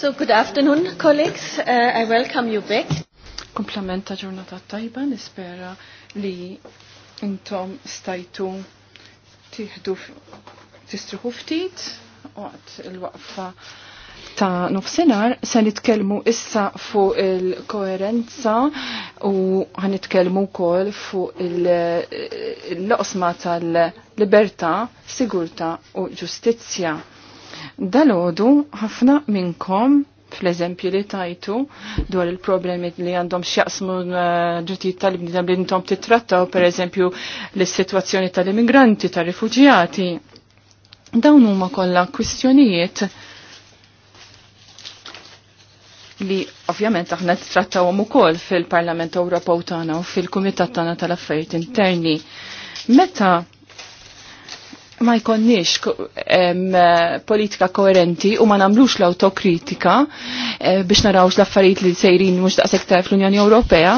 So good afternoon, colleagues. Uh, I welcome you back. Komplementa ġurnata tajba, nispera li intom stajtu tiħdu tistruħu ftit waqt il-waqfa ta' nofsinar se nitkellmu issa fuq il-koerenza u ħanitkellmu wkoll fuq il-loqsma tal-libertà, sigurtà u ġustizzja Dalodu ħafna minnkom fl-eżempju li tajtu dwar il-problemi li għandhom xjaqsmu ġutijiet eh, tal-bnidem li intom titrattaw, per eżempju, l-situazzjoni tal-immigranti, tal-rifugjati. Dawn huma kollha kwistjonijiet li ovvjament aħna trattawhom ukoll fil-Parlament Ewropew tagħna u fil-Kumitat tagħna tal-Affarijiet Interni. Meta ma jkonniex eh, politika koerenti u ma namlux l-autokritika eh, biex narawx l-affarijiet li sejrin mhux daqshekk ta' fl-Unjoni Ewropea.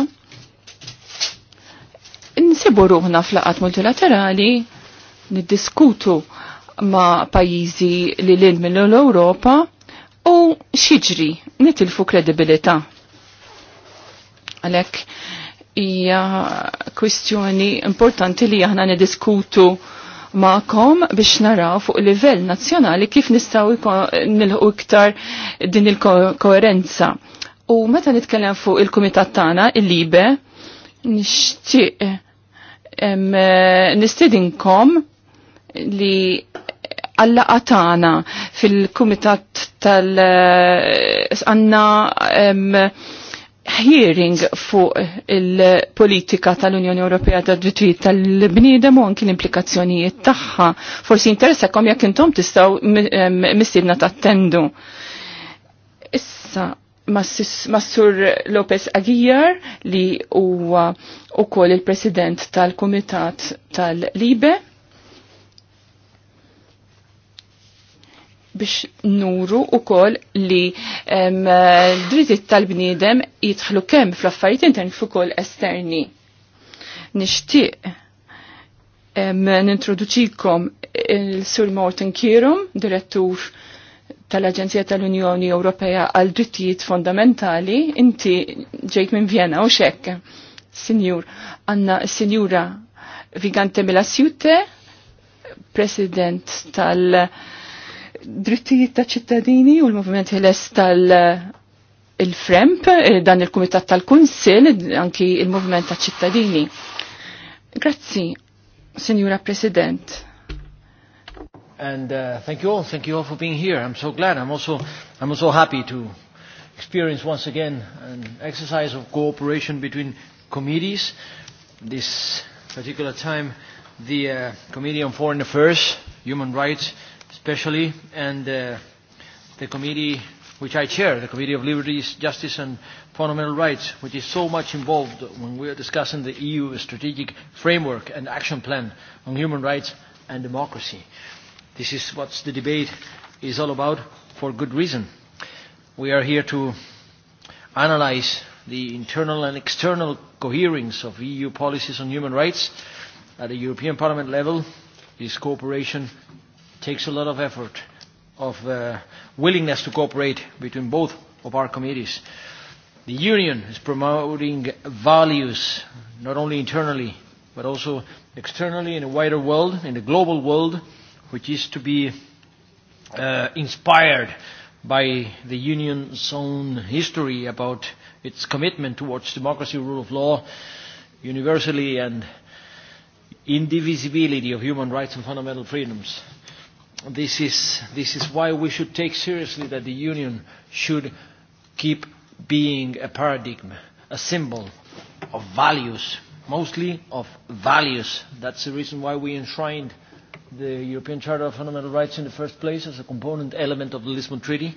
Nsibu ruħna fl-laqat multilaterali niddiskutu ma' pajjiżi li lil l ewropa u xiġri nitilfu kredibilità. Għalhekk hija kwistjoni importanti li aħna niddiskutu ma'kom biex naraw fuq livell nazzjonali kif nistaw nilħu iktar din il koherenza U meta nitkellem fuq il-kumitat tagħna il-libe, nixtieq nistedinkom li għallaqa tagħna fil-kumitat tal-għanna hearing fuq il-politika tal-Unjoni Ewropea tad drittijiet tal-bniedem u anki l-implikazzjonijiet tagħha. Forsi interessakom jekk intom tistgħu mistiedna tattendu. Issa Massur Lopez Aguilar li huwa ukoll il-President tal-Kumitat tal-Libe biex nuru u kol li drittit tal-bniedem jitħlu kemm fl-affarijiet interni fuq kol esterni. Nixtieq nintroduċikom il-Sur Morten Kierum, direttur tal-Aġenzija tal-Unjoni Ewropea għal drittijiet fondamentali, inti ġejt minn Vienna u xekk, Sinjur, għanna Sinjura Vigante Melasjute, President tal- drittijiet ta' ċittadini u l-movement ħiles tal- il-FREMP, eh, dan il-Kumitat tal-Kunsil, anki il-Movement ta' ċittadini. Grazzi, Signora President. And uh, thank you all, thank you all for being here. I'm so glad. I'm also, I'm also happy to experience once again an exercise of cooperation between committees. This particular time, the uh, Committee on Foreign Affairs, Human Rights, especially, and uh, the committee which I chair, the Committee of Liberties, Justice and Fundamental Rights, which is so much involved when we are discussing the EU strategic framework and action plan on human rights and democracy. This is what the debate is all about for good reason. We are here to analyze the internal and external coherence of EU policies on human rights at the European Parliament level, is cooperation takes a lot of effort, of uh, willingness to cooperate between both of our committees. The Union is promoting values, not only internally, but also externally in a wider world, in the global world, which is to be uh, inspired by the Union's own history about its commitment towards democracy, rule of law, universally and indivisibility of human rights and fundamental freedoms this is, this is why we should take seriously that the Union should keep being a paradigm, a symbol of values, mostly of values. That's the reason why we enshrined the European Charter of Fundamental Rights in the first place as a component element of the Lisbon Treaty.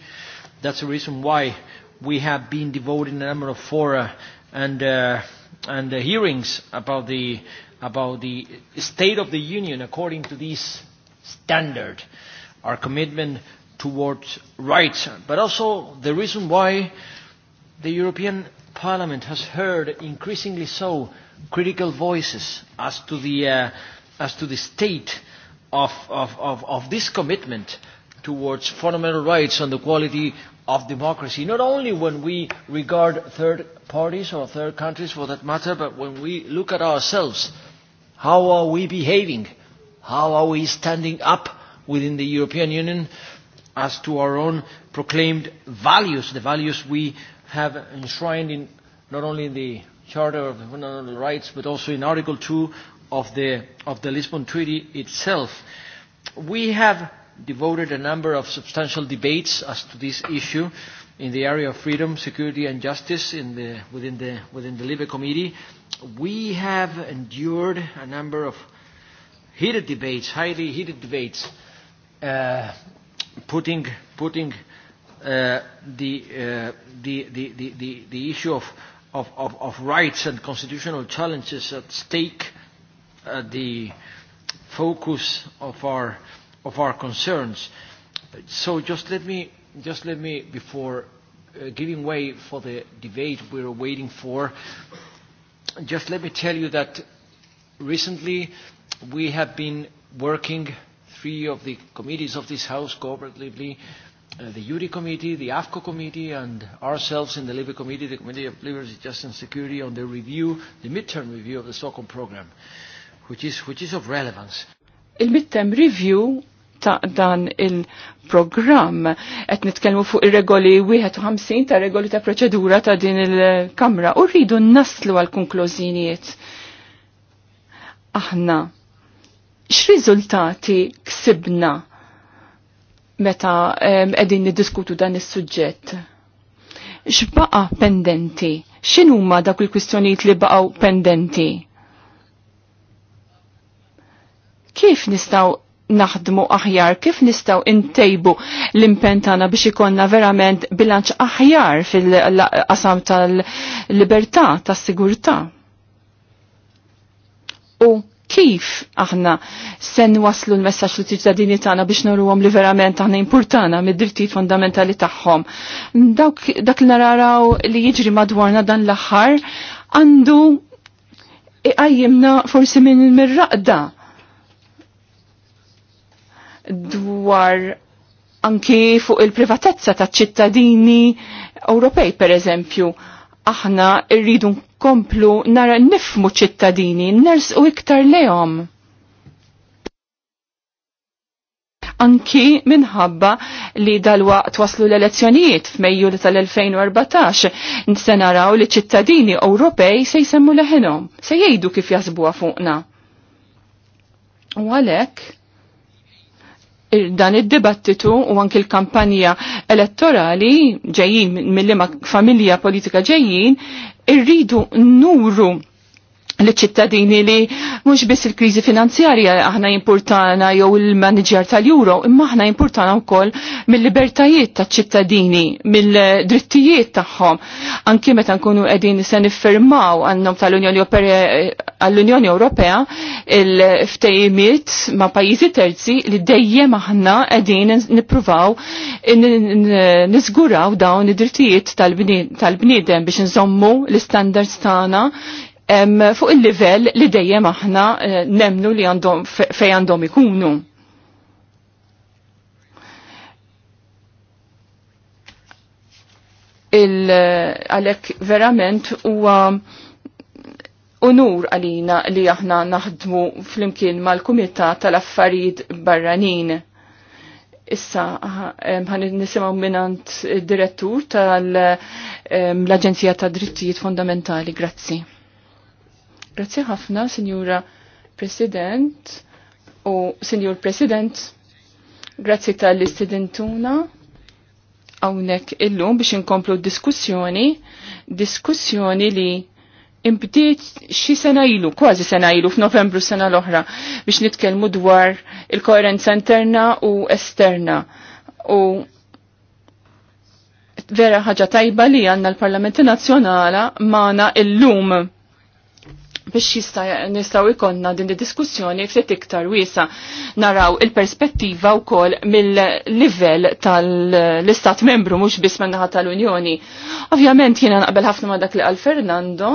That's the reason why we have been devoting a number of fora and, uh, and uh, hearings about the, about the state of the Union according to these standard, our commitment towards rights, but also the reason why the European Parliament has heard increasingly so critical voices as to the, uh, as to the state of, of, of, of this commitment towards fundamental rights and the quality of democracy, not only when we regard third parties or third countries for that matter, but when we look at ourselves, how are we behaving How are we standing up within the European Union as to our own proclaimed values, the values we have enshrined in not only in the Charter of Fundamental Rights, but also in Article 2 of the, of the Lisbon Treaty itself. We have devoted a number of substantial debates as to this issue in the area of freedom, security and justice in the, within, the, within the LIBE committee. We have endured a number of heated debates, highly heated debates, uh, putting, putting uh, the, uh, the, the, the, the, the issue of, of, of, of rights and constitutional challenges at stake, uh, the focus of our, of our concerns. So just let me, just let me before uh, giving way for the debate we're waiting for, just let me tell you that recently we have been working three of the committees of this House cooperatively, uh, the URI committee, the AFCO committee, and ourselves in the LIBE committee, the Committee of Liberty, Justice and Security, on the review, the midterm review of the Stockholm Programme, which is, which is of relevance. Il-midterm review ta' dan il program Et nitkellmu fuq ir-regoli 51 ta' regoli ta' proċedura ta' din il-Kamra u rridu naslu għal konklużjonijiet aħna x'riżultati ksibna meta qegħdin niddiskutu dan is-suġġett? X'baqa pendenti? X'inhuma da il-kwistjonijiet li baqgħu pendenti? Kif nistgħu naħdmu aħjar, kif nistaw intejbu l-impentana biex ikonna verament bilanċ aħjar fil-qasam tal-libertà, tas-sigurtà u kif aħna sen waslu l-messaċ li t-ċittadini tagħna biex nurruhom li verament aħna importana mid-drittijiet fundamentali tagħhom. Dak li naraw li jiġri madwarna dan l-aħħar għandu iqajjimna forsi minn mir-raqda dwar anki fuq il-privatezza ta' ċittadini Ewropej, per eżempju aħna rridu nkomplu nara nifmu ċittadini, ners u iktar lejhom. Anki minħabba li dal-waqt waslu l-elezzjonijiet f'Mejju tal-2014 se naraw li ċittadini Ewropej se jsemmu leħenhom, se jgħidu kif jasbuha fuqna. U għalhekk dan id-dibattitu u anki l-kampanja elettorali ġejjin mill-familja politika ġejjin irridu nuru l-ċittadini li mhux biss il-kriżi finanzjarja aħna importana jew il-manager tal-euro, imma aħna importana wkoll mill-libertajiet taċ-ċittadini, mill-drittijiet tagħhom. Anki meta nkunu qegħdin se niffirmaw għandhom tal-Unjoni għall-Unjoni Ewropea il-ftejimiet ma' pajjiżi terzi li dejjem aħna qegħdin nippruvaw niżguraw dawn id-drittijiet tal-bniedem biex nżommu l-istandards tagħna fuq il-livell li dejjem aħna eh, nemnu li għandhom fej għandhom ikunu. Eh, Għalek verament huwa unur għalina li aħna naħdmu fl-imkien mal-Kumitat tal-Affarijiet Barranin. Issa, ħan nisimaw minant direttur tal-Aġenzija ta' Drittijiet Fundamentali. Grazzi. Grazzi ħafna, Signora President u Signor President, Grazie tal-istidentuna għawnek illum biex inkomplu diskussjoni, diskussjoni li imbdiet xi sena ilu, kważi sena ilu f'Novembru sena l-oħra biex nitkellmu dwar il-koerenza interna u esterna. U vera ħaġa tajba li għanna l-Parlamenti Nazzjonala mana illum biex nistaw ikonna din di diskussjoni ftit iktar wiesa naraw il-perspettiva wkoll mill-livell tal-istat membru mhux biss man-naħa tal-Unjoni. Ovvjament jiena naqbel ħafna ma dak li għal Fernando,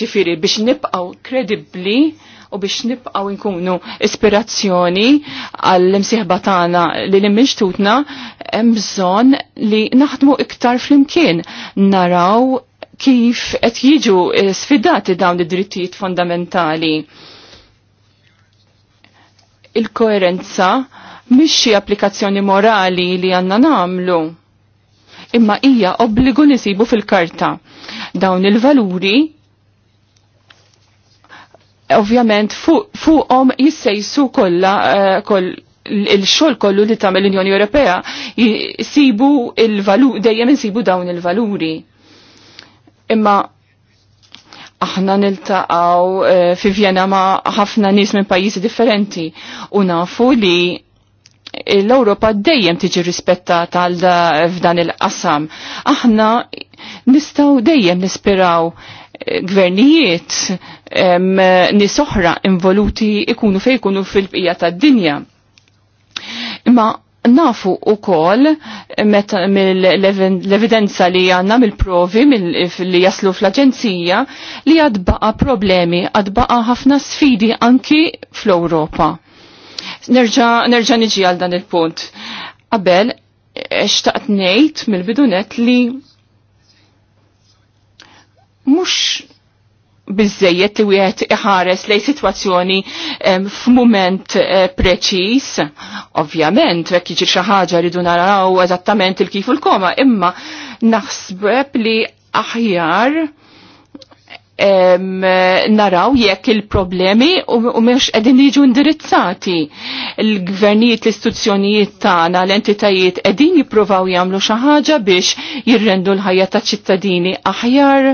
ġifiri biex nibqgħu kredibli u biex nibqgħu nkunu ispirazzjoni għall-imsieħba tagħna li l-imminxtutna hemm bżonn li naħdmu iktar flimkien naraw kif qed jiġu eh, sfidati dawn id-drittijiet fondamentali. Il-koerenza mhix xi applikazzjoni morali li għandna nagħmlu. Imma hija obbligu nisibu fil-karta. Dawn il-valuri ovvjament fuqhom fu jissejsu kollha uh, koll il-xol kollu li tagħmel l-Unjoni Ewropea jisibu il-valur dejjem insibu dawn il-valuri. Imma aħna niltaqaw eh, fi Vienna ma' ħafna nies minn pajjiżi differenti u nafu li l-Ewropa dejjem tiġi rispettata għal f'dan il-qasam. Aħna nistgħu dejjem nispiraw eh, gvernijiet nies oħra involuti ikunu fejn ikunu fil-bqija tad-dinja. Imma Nafu u kol mill-evidenza li għanna mill-provi li jaslu fl-Aġenzija li għadbaqa problemi, għadbaqa ħafna sfidi anki fl-Europa. Nerġa niġi għal dan il-punt. Qabel, xtaqt nejt mill-bidunet li mux bizzejiet li wieħed iħares lej situazzjoni f'mument eh, preċis. Ovvjament, jekk jiġi xi ħaġa rridu naraw eżattament il-kif u l-koma, imma naħsbeb li aħjar naraw jekk il-problemi u mhux qegħdin jiġu indirizzati. Il-gvernijiet, l-istituzzjonijiet tagħna, l-entitajiet qegħdin jippruvaw jagħmlu xi ħaġa biex jirrendu l-ħajja taċ-ċittadini aħjar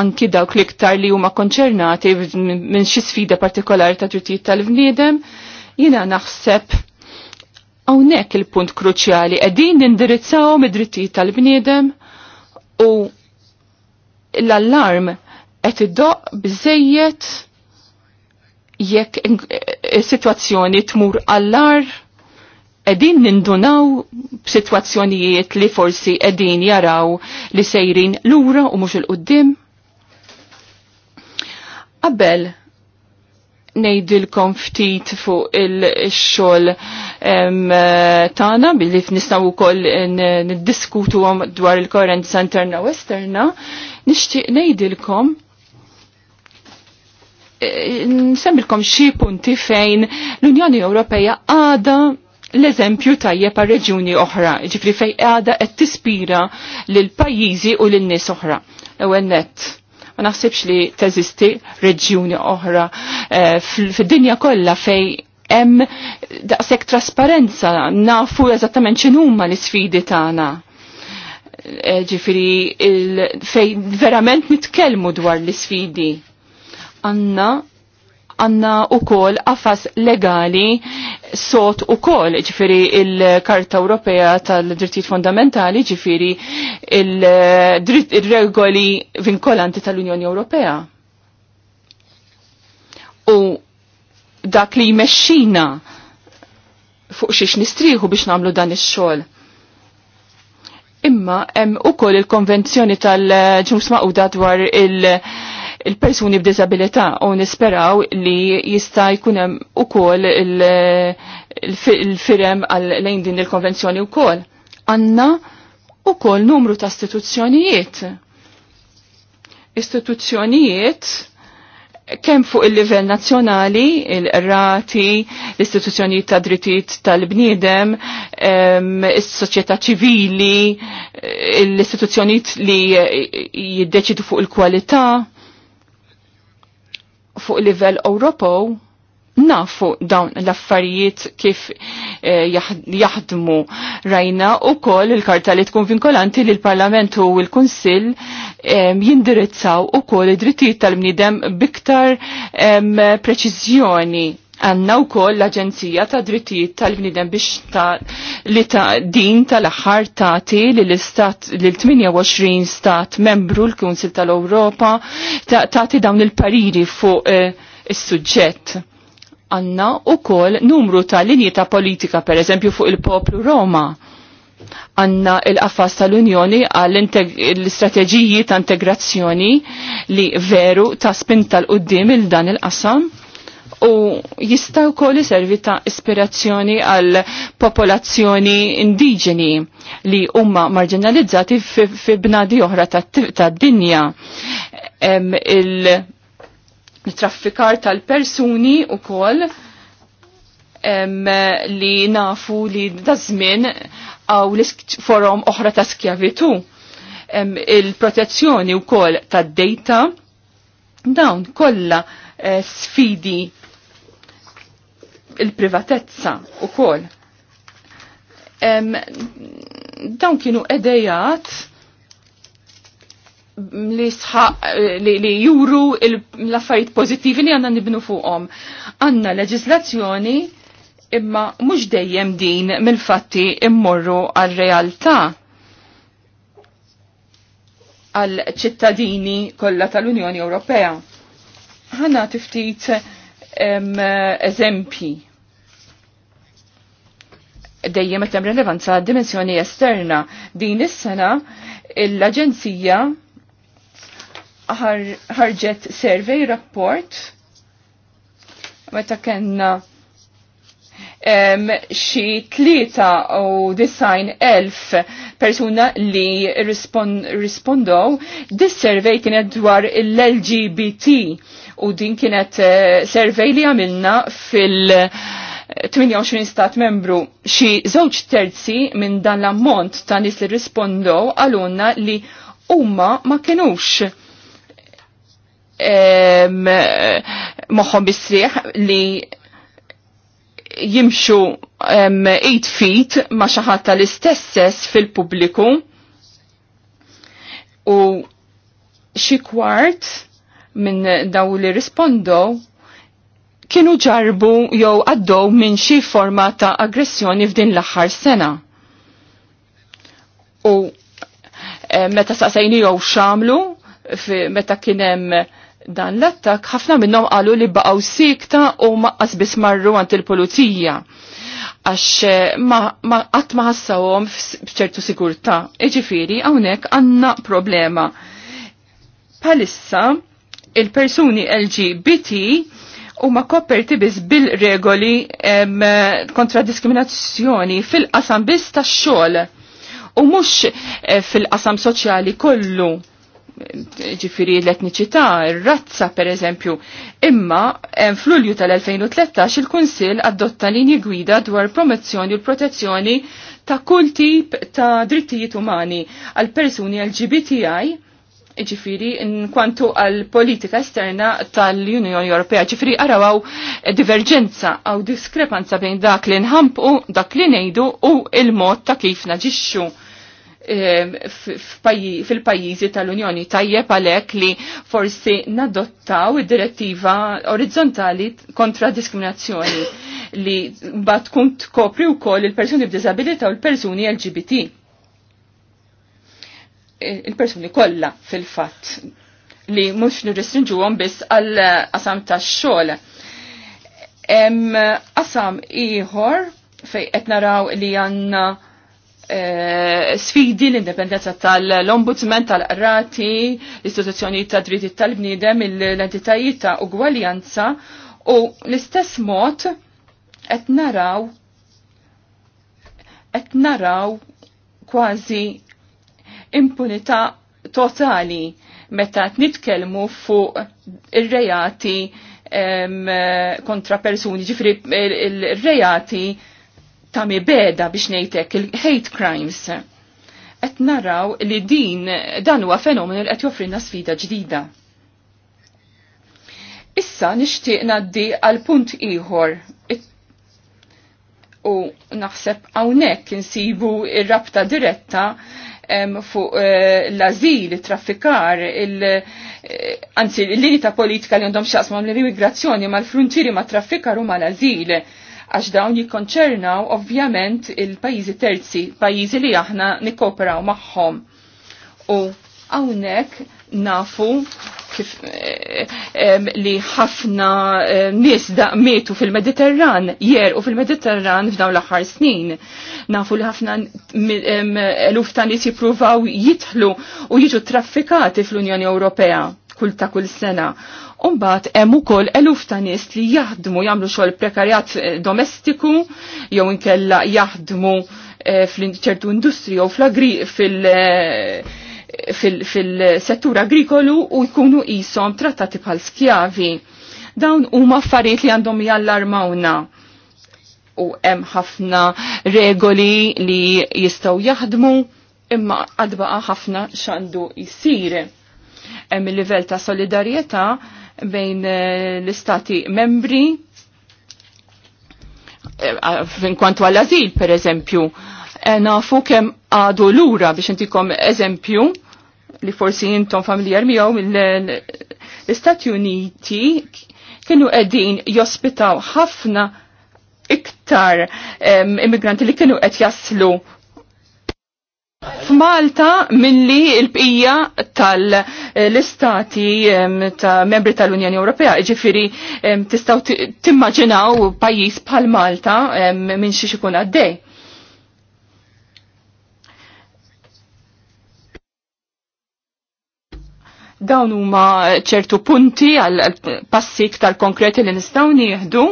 anki dawk ktar li huma konċernati minn xi sfida partikolari ta' drittijiet tal-bniedem, jiena naħseb hawnhekk il-punt kruċjali qegħdin nindirizzaw mid-drittijiet tal-bniedem u l-allarm qed iddoq biżejjed jekk is-sitwazzjoni eh, tmur allar qegħdin nindunaw b'sitwazzjonijiet li forsi qegħdin jaraw li sejrin lura u mhux il-qudiem Qabel nejdilkom ftit fuq il-xol tana billi nistaw u koll niddiskutu għom dwar il korrent interna u esterna, nishtiq nejdilkom e, nsemmilkom xie punti fejn l-Unjoni Ewropeja għada l-eżempju tajjeb għal reġjuni oħra, ġifri fej għada qed tispira l pajjiżi u lin nies oħra. Ewennet Ma naħsibx li teżisti reġjuni oħra eh, fid-dinja kollha fej hemm daqshekk trasparenza nafu eżattament x'inhuma l-isfidi tagħna. Eh, Ġifieri fej verament nitkellmu dwar l-isfidi. Għandna Anna u kol legali sot u kol, ġifiri il-Karta Ewropea tal-Drittijiet Fundamentali, ġifiri il-regoli vinkolanti tal-Unjoni Ewropea. U dak li jmexxina fuq xiex nistriħu biex namlu dan ix-xogħol. Imma u kol il-konvenzjoni tal-ġnus u dwar il- il-persuni b'disabilità u nisperaw li jista' jkun hemm ukoll il-firem għal lejn din il-konvenzjoni wkoll. Għandna ukoll numru ta' istituzzjonijiet. Istituzzjonijiet kemm fuq il-livell nazzjonali, il-rati, l-istituzzjonijiet ta' drittijiet tal-bniedem, is-soċjetà ċivili, l-istituzzjonijiet li jiddeċidu fuq il-kwalità fuq livell Ewropew nafu dawn l-affarijiet kif eh, jaħdmu rajna u koll il-karta li tkun vinkolanti li l-Parlament u l-Kunsill eh, jindirizzaw u koll id-drittijiet tal mnidem biktar eh, preċizjoni Għanna u koll l-Aġenzija ta' Drittijiet tal-Bnidem biex ta' li ta' din tal-aħħar tagħti l-istat l-28 stat membru l-Kunsil tal-Ewropa tagħti dawn il-pariri fuq eh, is-suġġett. Għanna u koll numru ta' linji ta' politika, per eżempju, fuq il-poplu Roma għanna il-qafas tal-Unjoni għall l-istrateġiji ta' integrazzjoni li veru ta' spinta l-qoddim il-dan il-qasam? u jistaw kol servi ta' ispirazzjoni għal popolazzjoni indiġeni li huma marginalizzati fi bnadi oħra ta' dinja. Il-traffikar tal-persuni u kol li nafu li dażmin għaw forom oħra ta' skjavitu. Il-protezzjoni u kol ta' data dawn kolla eh, sfidi il-privatezza u kol. Dawn kienu edejat li sħa, li, li juru l-affarijiet pozittivi li għanna nibnu fuqhom. Għanna leġislazzjoni imma mhux dejjem din mill-fatti immorru għal-realtà għal ċittadini kollha tal-Unjoni Ewropea. Għanna tiftit eżempji dejjem qed hemm rilevanza dimensjoni esterna. Din is-sena l-Aġenzija ħarġet survey rapport meta kellna xi tlieta u design elf persuna li rispondow. Dis survey kienet dwar l-LGBT u din kienet eh, survey li għamilna fil- 28 stat membru xi żewġ terzi minn dan l-ammont ta' nies li rispondew għalunna li huma ma kinux moħħom bisrieħ li jimxu 8 feet ma ħadd tal-istess fil-pubbliku u xi kwart minn daw li rispondow kienu ġarbu jew għaddew minn xi forma ta' aggressjoni f'din l-aħħar sena. U eh, meta saqsejni jew xamlu, meta kien hemm dan l-attak, ħafna minnhom qalu li baqgħu sikta u maqqas biss marru għand il-pulizija għax eh, ma qatt ma ħassawhom f'ċertu sigurtà. Iġifieri hawnhekk għandna problema. Palissa il-persuni LGBT huma koperti biss bil-regoli kontra diskriminazzjoni fil-qasam biss tax-xogħol u mhux eh, fil-qasam soċjali kollu ġifiri l-etniċità, r-razza per eżempju. Imma fl-Ulju tal-2013 il-Kunsil adotta linji gwida dwar promozzjoni u protezzjoni ta' kull tip ta' drittijiet umani għal persuni LGBTI ġifiri kwantu għal politika esterna tal-Unjoni Ewropea, ġifiri għaraw diverġenza għaw diskrepanza bejn dak li nħampu, dak li nejdu u il-mod ta' kif naġixxu eh, fil-pajizi tal-Unjoni tajjeb għalek li forsi nadottaw id-direttiva orizzontali kontra diskriminazzjoni li bat tkun tkopri u koll il-persuni b'disabilita u l-persuni LGBT il-persuni kollha fil-fatt li mhux nirrestrinġuhom biss għal qasam tax-xogħol. Qasam ieħor fej qed naraw li għandna e, sfidi l-indipendenza tal-ombudsman, tal-qrati, l-istituzzjoni ta' dritti tal-bniedem, l-entitajiet ta' ugwaljanza u l-istess mod qed naraw qed naraw kważi impunità totali meta nitkellmu fuq ir-rejati kontra persuni, ġifri il-rejati ta' mibeda biex nejtek il-hate crimes. Et naraw li din dan huwa fenomenu li qed joffrina sfida ġdida. Issa nixtieq ngħaddi għal punt ieħor u naħseb hawnhekk insibu ir-rabta diretta fuq eh, l-azil, traffikar, eh, anzi l-lini ta' politika li għandhom xaqsmam l-immigrazzjoni ma' l-frontieri ma' traffikar u ma' l-azil għax dawn jikkonċernaw ovvjament il-pajizi terzi, pajizi li aħna nikkoperaw magħhom. U hawnhekk nafu kif eh, li ħafna eh, nies mietu fil-Mediterran, jer u fil-Mediterran f'dawn l-aħħar snin. Nafu li ħafna eluf ta' nies jippruvaw jitħlu u jiġu traffikati fl-Unjoni Ewropea kull ta' kull sena. Umbat hemm ukoll eluf ta' nies li jaħdmu jagħmlu xogħol prekarjat eh, domestiku jew inkella jaħdmu ċertu industri u fl -agri, fil fil-settur fil agrikolu u jkunu jisom trattati bħal skjavi. Dawn huma affarijiet li għandhom jallarmawna u hemm ħafna regoli li jistgħu jaħdmu imma għadbaqa ħafna xandu jisir. Hemm il-livell ta' solidarjetà bejn eh, l-istati membri eh, kwantu għal azil per eżempju, eh, nafu kem għadu l-ura biex intikom eżempju, li forsi jintom familjar miegħu l-Istati Uniti kienu qegħdin jospitaw ħafna iktar immigranti li kienu qed jaslu F'Malta milli l-bqija tal-istati ta' membri tal-Unjoni Ewropea, ġifiri tistaw timmaġinaw pajis bħal Malta minn xiex ikun għaddej. Dawn huma ċertu punti għal passi iktar konkreti li nistgħu nieħdu.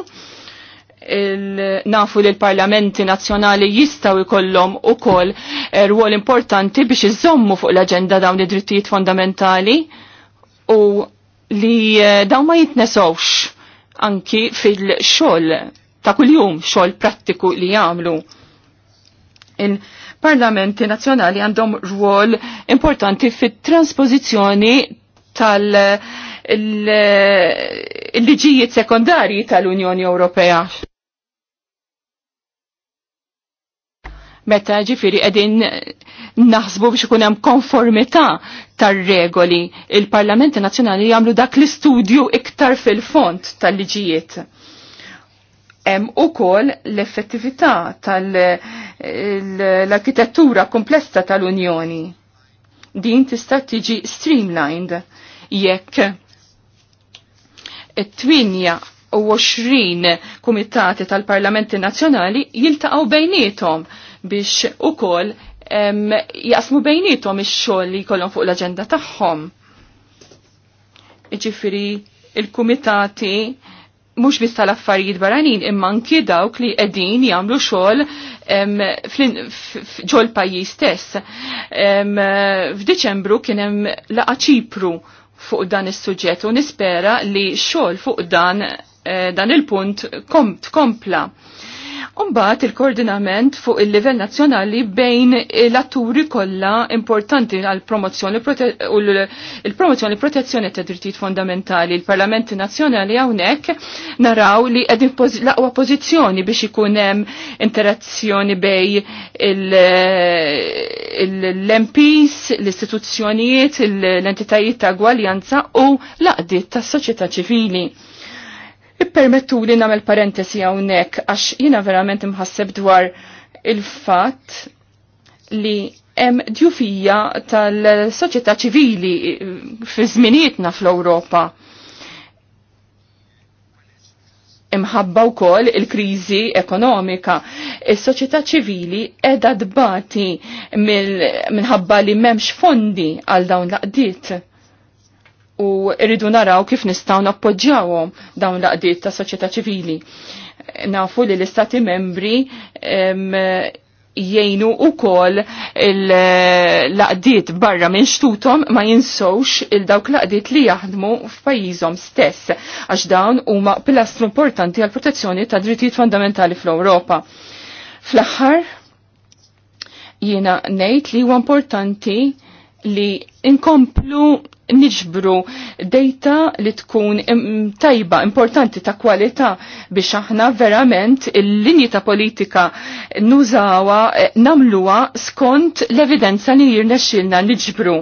Nafu li l-parlamenti nazzjonali jistaw ikollhom ukoll eh, rwol importanti biex iżommu fuq l-aġenda dawn id-drittijiet fondamentali u li eh, dawn ma jitnesowx anki fil-xogħol ta' kuljum xogħol prattiku li jagħmlu parlamenti nazzjonali għandhom rwol importanti fit-transpożizzjoni tal-liġijiet sekondarji tal-Unjoni Ewropea. Meta ġifiri edin naħsbu biex ikun hemm konformità tar-regoli, il-Parlamenti Nazzjonali jagħmlu dak l-istudju iktar fil-font tal-liġijiet hemm ukoll l-effettività tal l-arkitettura komplessa tal-Unjoni. Din tista' tiġi streamlined jekk it-twinja u 20 kumitati tal-Parlamenti Nazzjonali jiltaqgħu bejnietom biex ukoll jasmu bejnietom ix-xogħol li jkollhom fuq l-aġenda tagħhom. Ġifieri il-kumitati mux biss tal-affarijiet barranin imma anki dawk li qegħdin jagħmlu xogħol ġol pajjiż stess. F'Diċembru kien hemm laqa Ċipru fuq dan is-suġġett u nispera li xogħol fuq dan eh, dan il-punt tkompla. Kom Umbat il-koordinament fuq il-livell nazzjonali bejn l-atturi kollha importanti għal promozzjoni u l-promozzjoni e protezzjoni ta' drittijiet fondamentali. Il-Parlamenti Nazzjonali hawnhekk naraw li qed laqwa pożizzjoni biex ikun hemm interazzjoni bej l-MPs, l-istituzzjonijiet, l-entitajiet ta' gwaljanza u l-aqdiet tas-soċjetà ċivili Ippermettu li namel parentesi hawnhekk għax jiena verament imħasseb dwar il-fatt li hemm djufija tal-soċjetà ċivili eh, fi zminietna fl-Ewropa. Imħabba wkoll il-kriżi ekonomika. il soċjetà ċivili qiegħda dbati minħabba li m'hemmx fondi għal dawn l-qdiet u rridu naraw kif nistgħu nappoġġjawhom dawn l-qdiet ta' soċjetà ċivili. Nafu li l-istati membri jgħinu u kol l-laqdiet eh, barra minn xtutom ma jinsowx il-dawk laqdiet li jaħdmu f'pajjiżhom stess, għax dawn huma pilastru importanti għal protezzjoni ta' drittijiet fundamentali fl-Ewropa. Fl-aħħar jiena ngħid li huwa importanti li inkomplu niġbru data li tkun tajba, importanti ta' kwalità biex aħna verament il-linji ta' politika nużawa eh, namluwa skont l-evidenza li jirnexxilna niġbru.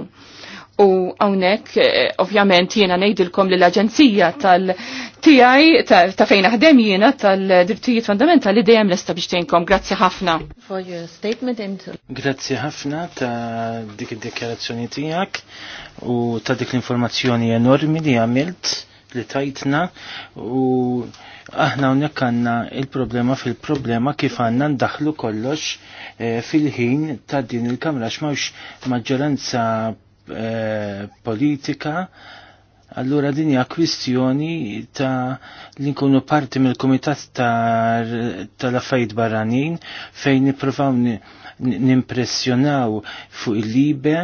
U għawnek, eh, ovvjament, jena nejdilkom li l-Aġenzija tal-TI, ta' fejn aħdem jena tal-Drittijiet Fundamentali dejjem lesta biex tgħinkom. Grazzi ħafna. Grazzi ħafna ta' dik id-dikjarazzjoni tiegħek u ta' dik l-informazzjoni enormi li għamilt li tajtna u aħna unnek għanna il-problema fil-problema kif għanna ndaħlu kollox eh, fil-ħin ta' din il-kamra x'mawx maġġoranza politika, allura din hija kwistjoni ta' li nkunu parti mill-Kumitat tal affajt ta Barranin fejn nippruvaw nimpressjonaw fuq il-libe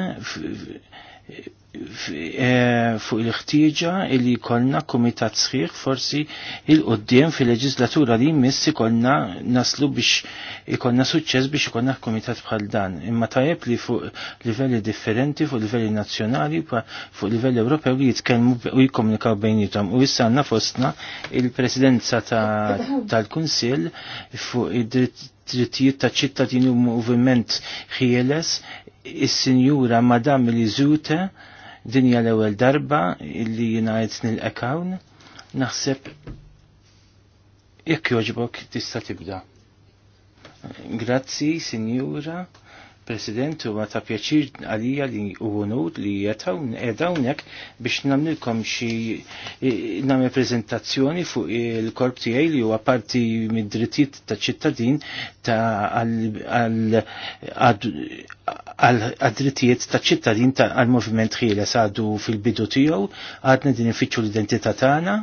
Eh, fuq il-ħtieġa li kolna komitat sħiħ forsi il-qoddim fil-leġislatura li missi kolna naslu biex ikonna suċċess biex ikonna komitat bħal dan. Imma tajjeb li fuq livelli differenti, fuq livelli nazzjonali, fuq livelli Ewropew li jitkellmu u jikkomunikaw bejnietom. U issa għandna fostna il-presidenza tal-Kunsill fuq id-drittijiet ta' ċittadini u moviment ħieles il sinjura Madame Lizute dinja l-ewwel darba illi jinajt qed nilqekawn, naħseb jekk jogħġbok tista' tibda. Grazzi, Sinjura. President, ma ta' pjaċir għalija li ugunut li jedawnek biex namlilkom xi e, namel prezentazzjoni fuq il-korp tiegħi li huwa parti mid-drittijiet ta' ċittadin ta' għal-drittijiet ta' ċittadin għal-moviment ħieles għadu fil-bidu tiegħu għadna din ifittxu l-identità tagħna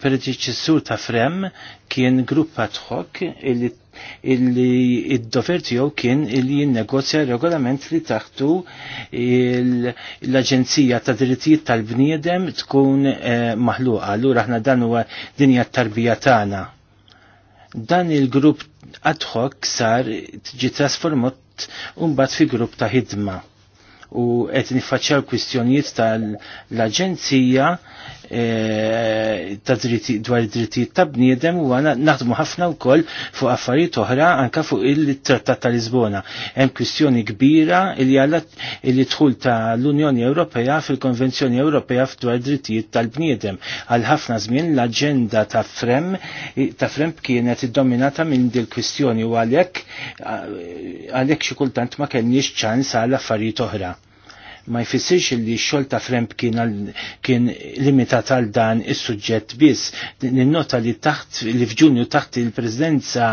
predeċessur ta' Frem kien grupp ad hoc illi id-dover tiegħu kien illi jinnegozja regolament li taħtu l-Aġenzija ta' Drittijiet tal-Bniedem tkun eh, maħluqa. Allura aħna dan huwa dinja t-tarbija tagħna. Dan il-grupp ad hoc sar tiġi trasformat umbat fi grupp ta' ħidma u qed niffaċċjaw kwistjonijiet tal-Aġenzija eh, ta' dritti dwar id-drittijiet ta' bniedem u għana naħdmu ħafna wkoll fuq affarijiet oħra anka fuq il-Trattat ta' Lisbona. Hemm kwistjoni kbira li għalla li dħul tal-Unjoni Ewropea fil-Konvenzjoni Ewropea dwar id-drittijiet tal-bniedem. Għal ħafna żmien l-aġenda ta' frem ta' frem kienet iddominata minn dil kwistjoni u għalhekk għalhekk xi kultant ma kellniex ċans għal affarijiet oħra ma jfissirx li xol ta' Fremp kien limitat għal dan is-suġġett biss. Ninnota li taħt li f'Ġunju taħt il-Presidenza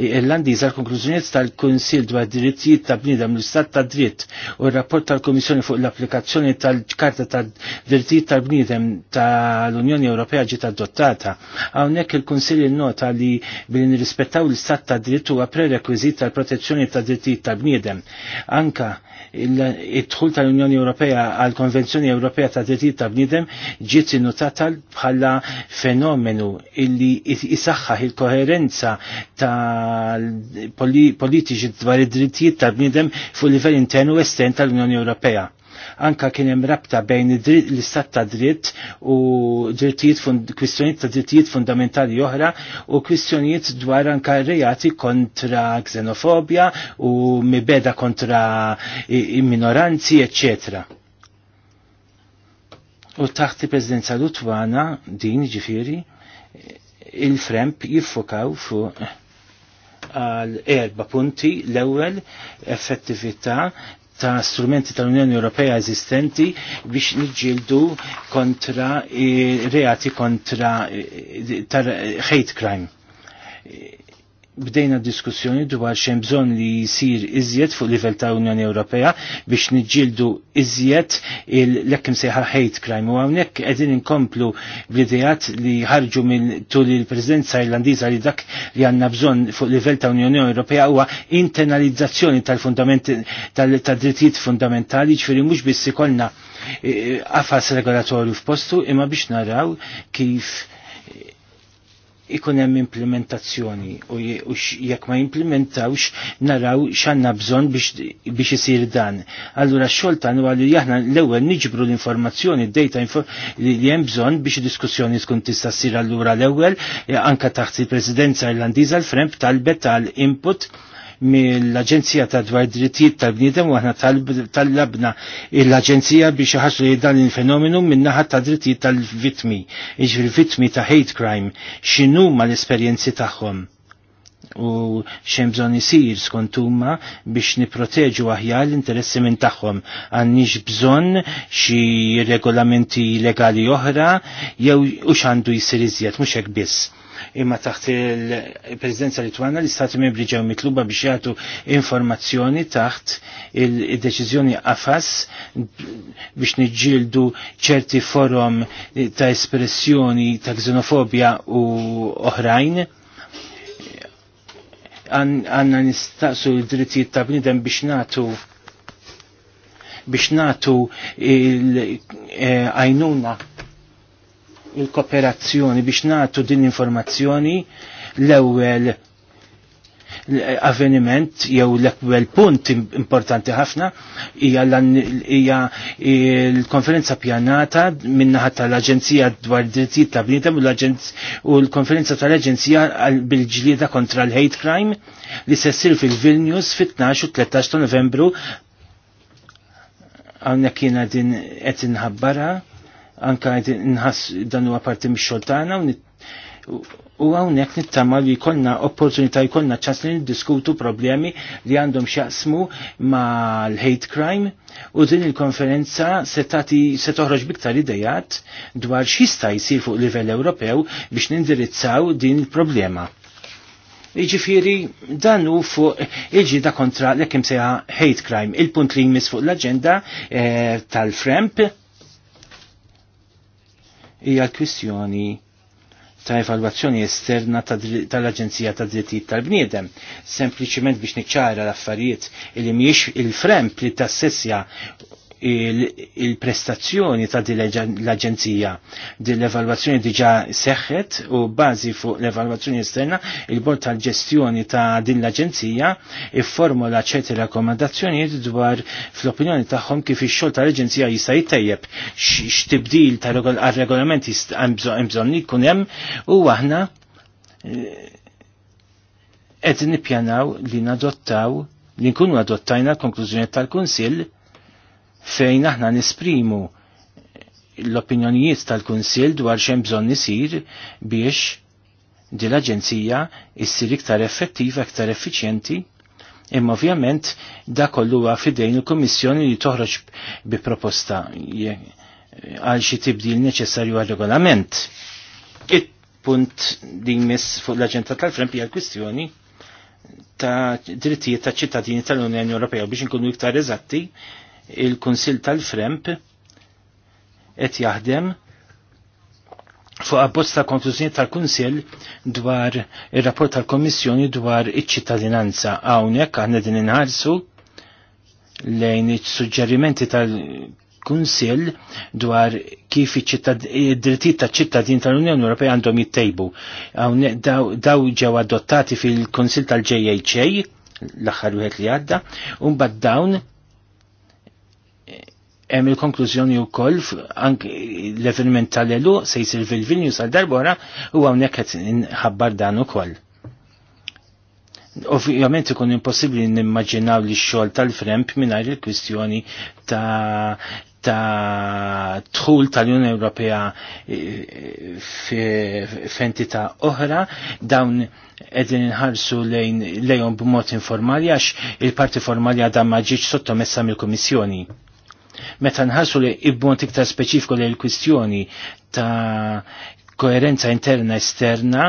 Irlandiża l-konklużjonijiet tal konsil dwar drittijiet ta' bniedem l-Istat ta' dritt u r-rapport tal-Komissjoni fuq l-applikazzjoni tal-Karta tad-Drittijiet tal-Bniedem tal-Unjoni Ewropea ġiet adottata. Hawnhekk il-Kunsill innota li billi nirrispettaw l-Istat ta' dritt huwa prerekwiżit tal-protezzjoni tad drittijiet tal-bniedem. Anka id-dħul tal l-Unjoni Ewropea għal Konvenzjoni Ewropea ta' Drittijiet ta' Bniedem ġiet innutata bħala fenomenu illi jisaxħaħ il-koherenza ta' politiċi dwar id-drittijiet ta' bniedem fuq livell intern u estern tal-Unjoni Ewropea anka kien hemm rabta bejn l-istat ta' dritt u drittijiet kwistjonijiet ta' drittijiet fundamentali oħra u kwistjonijiet dwar anka rejati kontra xenofobja u mibeda kontra minoranzi, eccetera. U taħt il-Presidenza Lutwana, din ġifiri, il-Fremp jiffokaw fuq għal erba punti l-ewwel effettività ta' strumenti tal-Unjoni Ewropea eżistenti biex niġġieldu kontra eh, reati kontra eh, hate crime bdejna diskussjoni dwar xejn bżonn li jsir iżjed fuq livell ta' Unjoni Ewropea biex niġġieldu iżjed l-ekkim sejħa hate crime u hawnhekk qegħdin inkomplu bl-idejat li ħarġu minn tul il-Presidenza Irlandiża li dak li għandna bżonn fuq livell ta' Unjoni Ewropea huwa internalizzazzjoni tal-fundamenti tal-drittijiet fundamentali ġifieri mhux biss ikollna eh, qafas regolatorju f'postu imma biex naraw kif ikun hemm implementazzjoni u jekk ma jimplementawx naraw x'għandna bżonn biex isir dan. Allura x-xogħol tagħna huwa li aħna l-ewwel niġbru l-informazzjoni, d-data li hemm bżonn biex diskussjoni tkun tista' ssir allura l-ewwel e, anke taħt il-Presidenza Irlandiża l-Fremp talbet tal-input tal input mill-Aġenzija ta' dwar drittijiet tal-bniedem u aħna tal-labna l-Aġenzija biex iħassru li dan il-fenomenu min-naħa ta' drittijiet tal-vitmi, iġri vitmi ta' hate crime, x'inhu ma l-esperjenzi tagħhom u xem bżon isir skontumma biex niproteġu aħjar l-interessi minn tagħhom. Għandniex bżon xi regolamenti legali oħra jew u x'għandu jsir iżjed mhux hekk biss imma taħt il-Presidenza Litwana l-Istati Membri ġew mitluba biex jagħtu informazzjoni taħt il-deċiżjoni qafas biex niġġieldu ċerti forum ta' espressjoni ta' xenofobja u oħrajn għanna nistaqsu l-drittijiet ta' bnidem biex natu biex natu eh, għajnuna il-kooperazzjoni biex nagħtu din l-informazzjoni l-ewwel avveniment jew l-ewwel punt importanti ħafna hija l-konferenza pjanata minnaħa tal-Aġenzija dwar drittijiet ta' bniedem u l-konferenza tal-Aġenzija bil-ġlieda kontra l-hate crime li se ssir fil-Vilnius fit-12 u 13 ta' Novembru hawnhekk jiena din qed inħabbara anka nħass dan huwa parti mix-xogħol tagħna u hawnhekk nittama li jkollna opportunità jkollna ċans li niddiskutu problemi li għandhom x'jaqsmu mal-hate crime u din il-konferenza se toħroġ biktar idejat dwar x'jista' jsir fuq livell Ewropew biex nindirizzaw din il-problema. Iġifiri dan u fuq iġi da kontra l-ekim seja hate crime. Il-punt li jmiss fuq l-agenda eh, tal-Fremp hija l kwistjoni ta' evalwazzjoni esterna tal-Aġenzija ta' Drittijiet tal-Bniedem, sempliċement biex niċċara l-affarijiet li mhijiex il-frem li tassessja il-prestazzjoni ta' l-Aġenzija. Din l-evalwazzjoni diġa seħħet u bażi fuq l-evalwazzjoni esterna il-Bord tal-ġestjoni ta' din l-Aġenzija ifformula ċerti rakkomandazzjonijiet dwar fl-opinjoni tagħhom kif ix-xogħol tal-Aġenzija jista' jittejjeb x'tibdil ta' regolament hemm bżonn jkun hemm u aħna eh, qed nippjanaw li nadottaw li nkunu adottajna l-konklużjoni tal-Kunsill fejn aħna nisprimu l-opinjonijiet tal-Kunsil dwar xem bżonn isir biex di l-Aġenzija issir iktar effettiva, iktar effiċjenti. Imma ovvjament da kollu huwa fidejn il-Kummissjoni li toħroġ bi proposta għal xi tibdil neċessarju għal regolament. It-punt din miss fuq l-aġenda tal-frem hija l-kwistjoni ta' drittijiet ta' ċittadini tal-Unjoni Ewropea biex nkunu iktar eżatti il-Kunsil tal-Fremp qed jaħdem fuq abbozz ta' konklużjoni tal-Kunsil dwar ir-rapport tal-Kommissjoni dwar iċ-ċittadinanza. Hawnhekk aħna din inħarsu lejn is suġġerimenti tal-Kunsil dwar kif id-drittijiet tal-ċittadin tal-Unjoni Ewropea għandhom jittejbu. daw ġew adottati fil-Kunsil tal-JHA l-aħħar wieħed li għadda, u mbagħad dawn hemm il-konklużjoni wkoll anke l-eveniment tal-elu se jsir fil-Vilnius għal darbora u hawnhekk qed inħabbar dan ukoll. Ovvijament ikun impossibbli nimmaġinaw li x-xogħol tal-Fremp mingħajr il-kwistjoni ta' ta' tħul tal-Unjoni Ewropea e, f'entità oħra dawn edin nħarsu lejn lejhom b'mod informali għax il-parti formali għadha ma ġiġ sottomessa mill-Kummissjoni Meta nħassu li ibbont iktar speċifiku li l-kwistjoni ta' koerenza interna esterna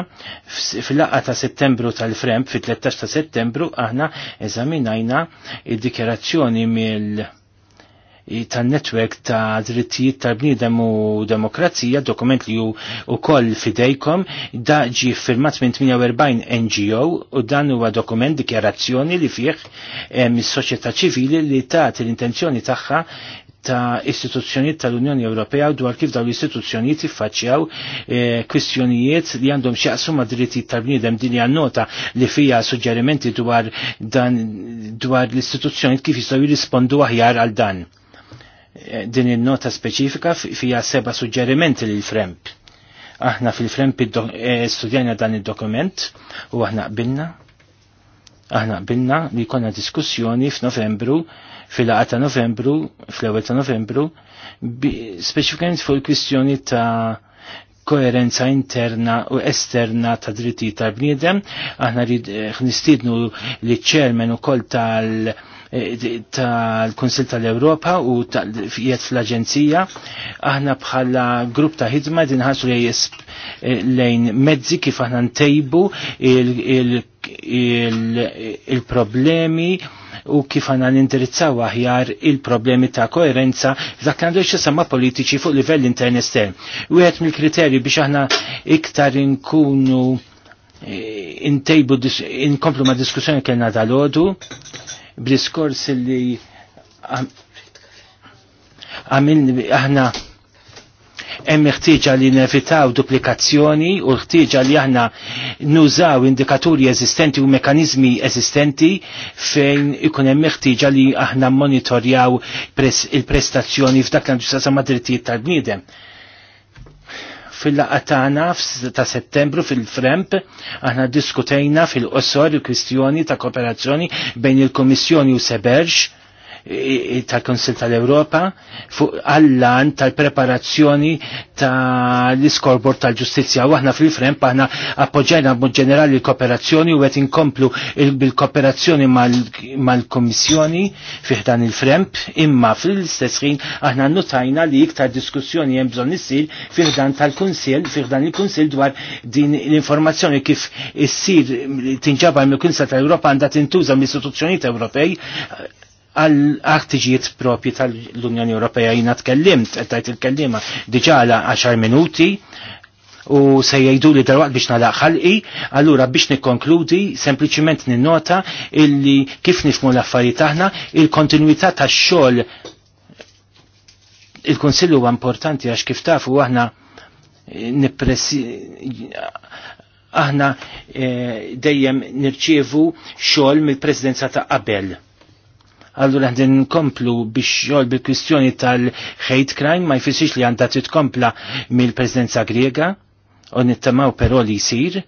fil-laqqa ta' settembru tal-Fremp fit-13 ta' settembru aħna eżaminajna id-dikjerazzjoni mill- tan-netwerk ta' drittijiet tal-bniedem u demokrazija, dokument li u koll fidejkom, da ġi firmat minn 48 NGO u dan huwa dokument dikjarazzjoni li fih mis-soċjetà ċivili li tagħti l-intenzjoni tagħha ta' istituzzjonijiet tal-Unjoni Ewropea dwar kif dawn l-istituzzjonijiet jiffaċċjaw eh, kwistjonijiet li għandhom xi ma' drittijiet tal-bniedem din hija nota li fija suġġerimenti dwar dan dwar l-istituzzjonijiet kif jistgħu jirrispondu aħjar għal dan din il-nota speċifika fija seba suġġerimenti l fremp Aħna fil-Fremp e, studjajna dan il-dokument u aħna qbilna. Aħna qbilna li konna diskussjoni f'Novembru, fil-laqa ta' Novembru, fl-ewwel ta' Novembru, speċifikament fuq il-kwistjoni ta' koerenza interna u esterna ta' dritti tal-bniedem, aħna rrid eh, nistiednu li ċermen u kol tal- Eh, tal-Konsil tal-Europa u jiet fl-Aġenzija. Aħna bħala grupp ta' ħidma din ħasru eh, lejn mezzi kif aħna ntejbu il-problemi u kif għana nindirizzaw aħjar il-problemi ta' koerenza dak għandu xisama politiċi fuq livell intern estern. U għet mill-kriterji biex aħna iktar inkunu eh, intejbu inkomplu ma' diskussjoni kellna dal-ħodu B'liskors li għamilni aħna hemm ħtieġa li nevitaw duplikazzjoni u ħtieġa li aħna nużaw indikaturi eżistenti u mekanizmi eżistenti fejn ikun hemm ħtieġa li aħna monitorjaw il-prestazzjoni f'dak l-għandu sa' drittijiet tal-bniedem fil tagħna ta' settembru fil-Fremp aħna diskutejna fil-qosor il-kwistjoni ta' kooperazzjoni bejn il kummissjoni u Seberġ tal-Konsil tal-Europa fuq għallan tal-preparazzjoni tal-iskorbor tal-ġustizja. U fil-frem aħna appoġġajna mod ġenerali l-kooperazzjoni u għet inkomplu bil-kooperazzjoni mal-Komissjoni fih dan il-fremp imma fil-istess ħin aħna notajna li iktar diskussjoni hemm bżonn issir fih dan tal-Kunsill fih dan il-Kunsill dwar din l-informazzjoni kif issir tinġabar mill-Kunsill tal-Europa għandha tintuża mill-istituzzjonijiet Ewropej għal artiġiet propji tal-Unjoni Ewropea jina tkellimt, għettajt il-kellima diġala 10 minuti u se jgħidu li darwaqt biex nalaq ħalqi, allura biex nikkonkludi sempliciment ninnota illi kif nifmu l-affarijiet aħna il-kontinuità tax-xogħol il-Konsillu huwa importanti għax kif tafu aħna eh, nippressi aħna eh, dejjem nirċievu xogħol mill-Presidenza ta' qabel Allura ħdin nkomplu biex jol bil-kwistjoni tal-hate crime ma jfisix li għandha titkompla mill-Presidenza Griega u nittamaw però li jsir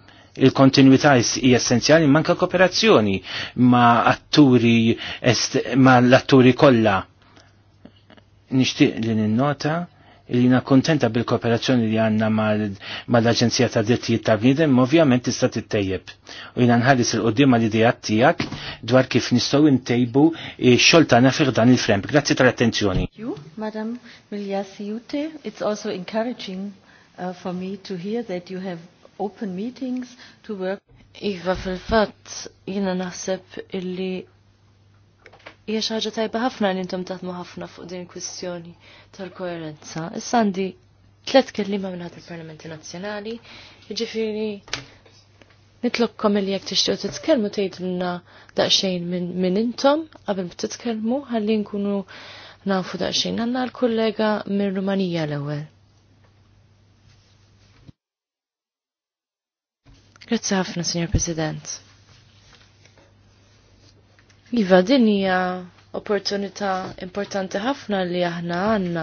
il-kontinuità hija essenzjali manka kooperazzjoni ma' atturi ma' l-atturi kollha. Nixtieq li ninnota il-jina kontenta bil-kooperazzjoni li għanna ma l aġenzija ta' Drittijiet ta' Bnidem, ovvjament tista' tittejjeb. U jina nħares il-qoddim għal idejat tijak dwar kif nistaw intejbu eh, xoltana fir dan il-frem. Grazzi tal-attenzjoni. Thank You, Madam Milja Siute. it's also encouraging uh, for me to hear that you have open meetings to work. Iva fil-fat jina naħseb illi hija xi ħaġa tajba ħafna li intom taħdmu ħafna fuq din kwistjoni tal-koerenza. Issa għandi tliet kelliema minn ħadd il-Parlamenti Nazzjonali, jiġifieri nitlokkom li jekk tixtiequ titkellmu tgħidulna daqsxejn minn intom qabel ma titkellmu ħalli nkunu nafu daqsxejn għandna l-kollega minn Rumanija l-ewwel. Grazzi ħafna, Signor President. Iva, din hija opportunità importanti ħafna li aħna għanna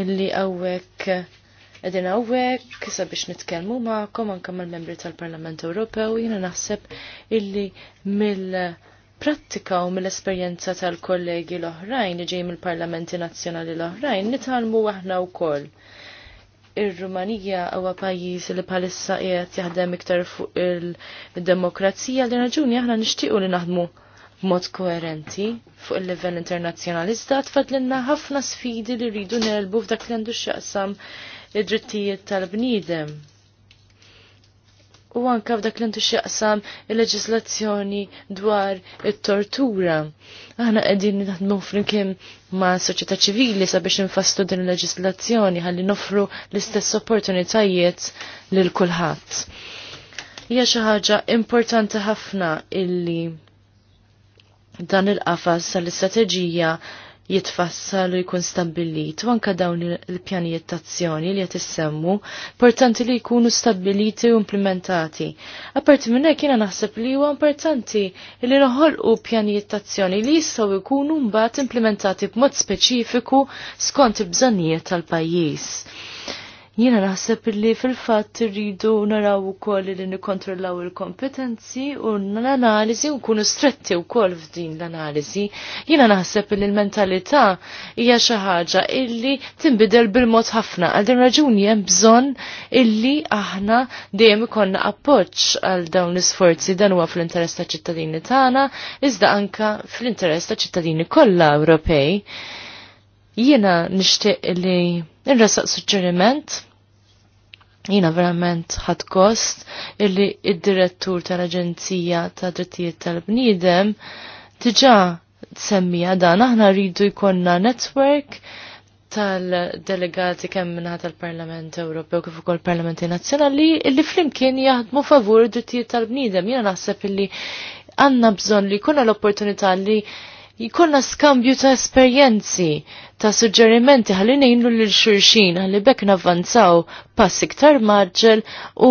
illi għawek edin għawek sabiex nitkelmu ma'kom anke mal-membri tal-Parlament Ewropew jina naħseb illi mill-prattika u mill-esperjenza tal-kollegi l-oħrajn li ġej mill-parlamenti nazzjonali l-oħrajn nitħalmu aħna wkoll. Ir-Rumanija huwa pajjiż li bħalissa qiegħed jaħdem iktar fuq il-demokrazija li raġuni aħna nixtiequ li naħdmu mod koerenti fuq il-level internazzjonali. Iżda tfadlilna ħafna sfidi li rridu nerbu f'dak li għandu x'jaqsam id-drittijiet tal-bniedem. U anka f'dak li għandu x'jaqsam il-leġislazzjoni dwar it-tortura. Aħna qegħdin naħdmu flimkien ma' soċjetà ċivili sabiex nfasslu din il-leġislazzjoni ħalli nofru l-istess opportunitajiet lil kulħadd. Hija xi ħaġa importanti ħafna illi dan il-qafas l istrateġija jitfassal u jkun stabbilit u anka dawn il-pjanijiet tazzjoni li qed importanti li jkunu stabbiliti u implementati. Apparti minn hekk jiena naħseb li huwa importanti li u pjanijiet tazzjoni li jistgħu jkunu mbagħad implementati b'mod speċifiku skont il-bżonnijiet tal-pajjiż. Jiena naħseb li fil-fatt rridu naraw ukoll li nikkontrollaw il-kompetenzi u l-analiżi u nkunu stretti wkoll f'din l-analiżi. Jiena naħseb li l-mentalità hija xi ħaġa illi tinbidel bil-mod ħafna. Għal din raġuni hemm bżonn illi aħna dejjem ikollna appoġġ għal dawn l-isforzi dan huwa fl-interess ta' ċittadini tagħna iżda anka fl-interess ta' ċittadini kollha Ewropej. Jiena nixtieq li nrasaq suġġeriment jiena verament ħad kost illi id-direttur tal-Aġenzija ta' Drittijiet tal-Bniedem diġa semmija dan aħna rridu jkollna network tal-delegati kemm minħat tal-Parlament Ewropew kif ukoll Parlamenti Nazzjonali illi flimkien jaħdmu favur id-drittijiet tal-bniedem. Jiena naħseb illi għandna bżonn li jkollna l-opportunità li jkollna skambju ta' esperjenzi, ta' suġġerimenti ħalli ngħinu lil xulxin ħalli bekk navvanzaw pass iktar maġġel u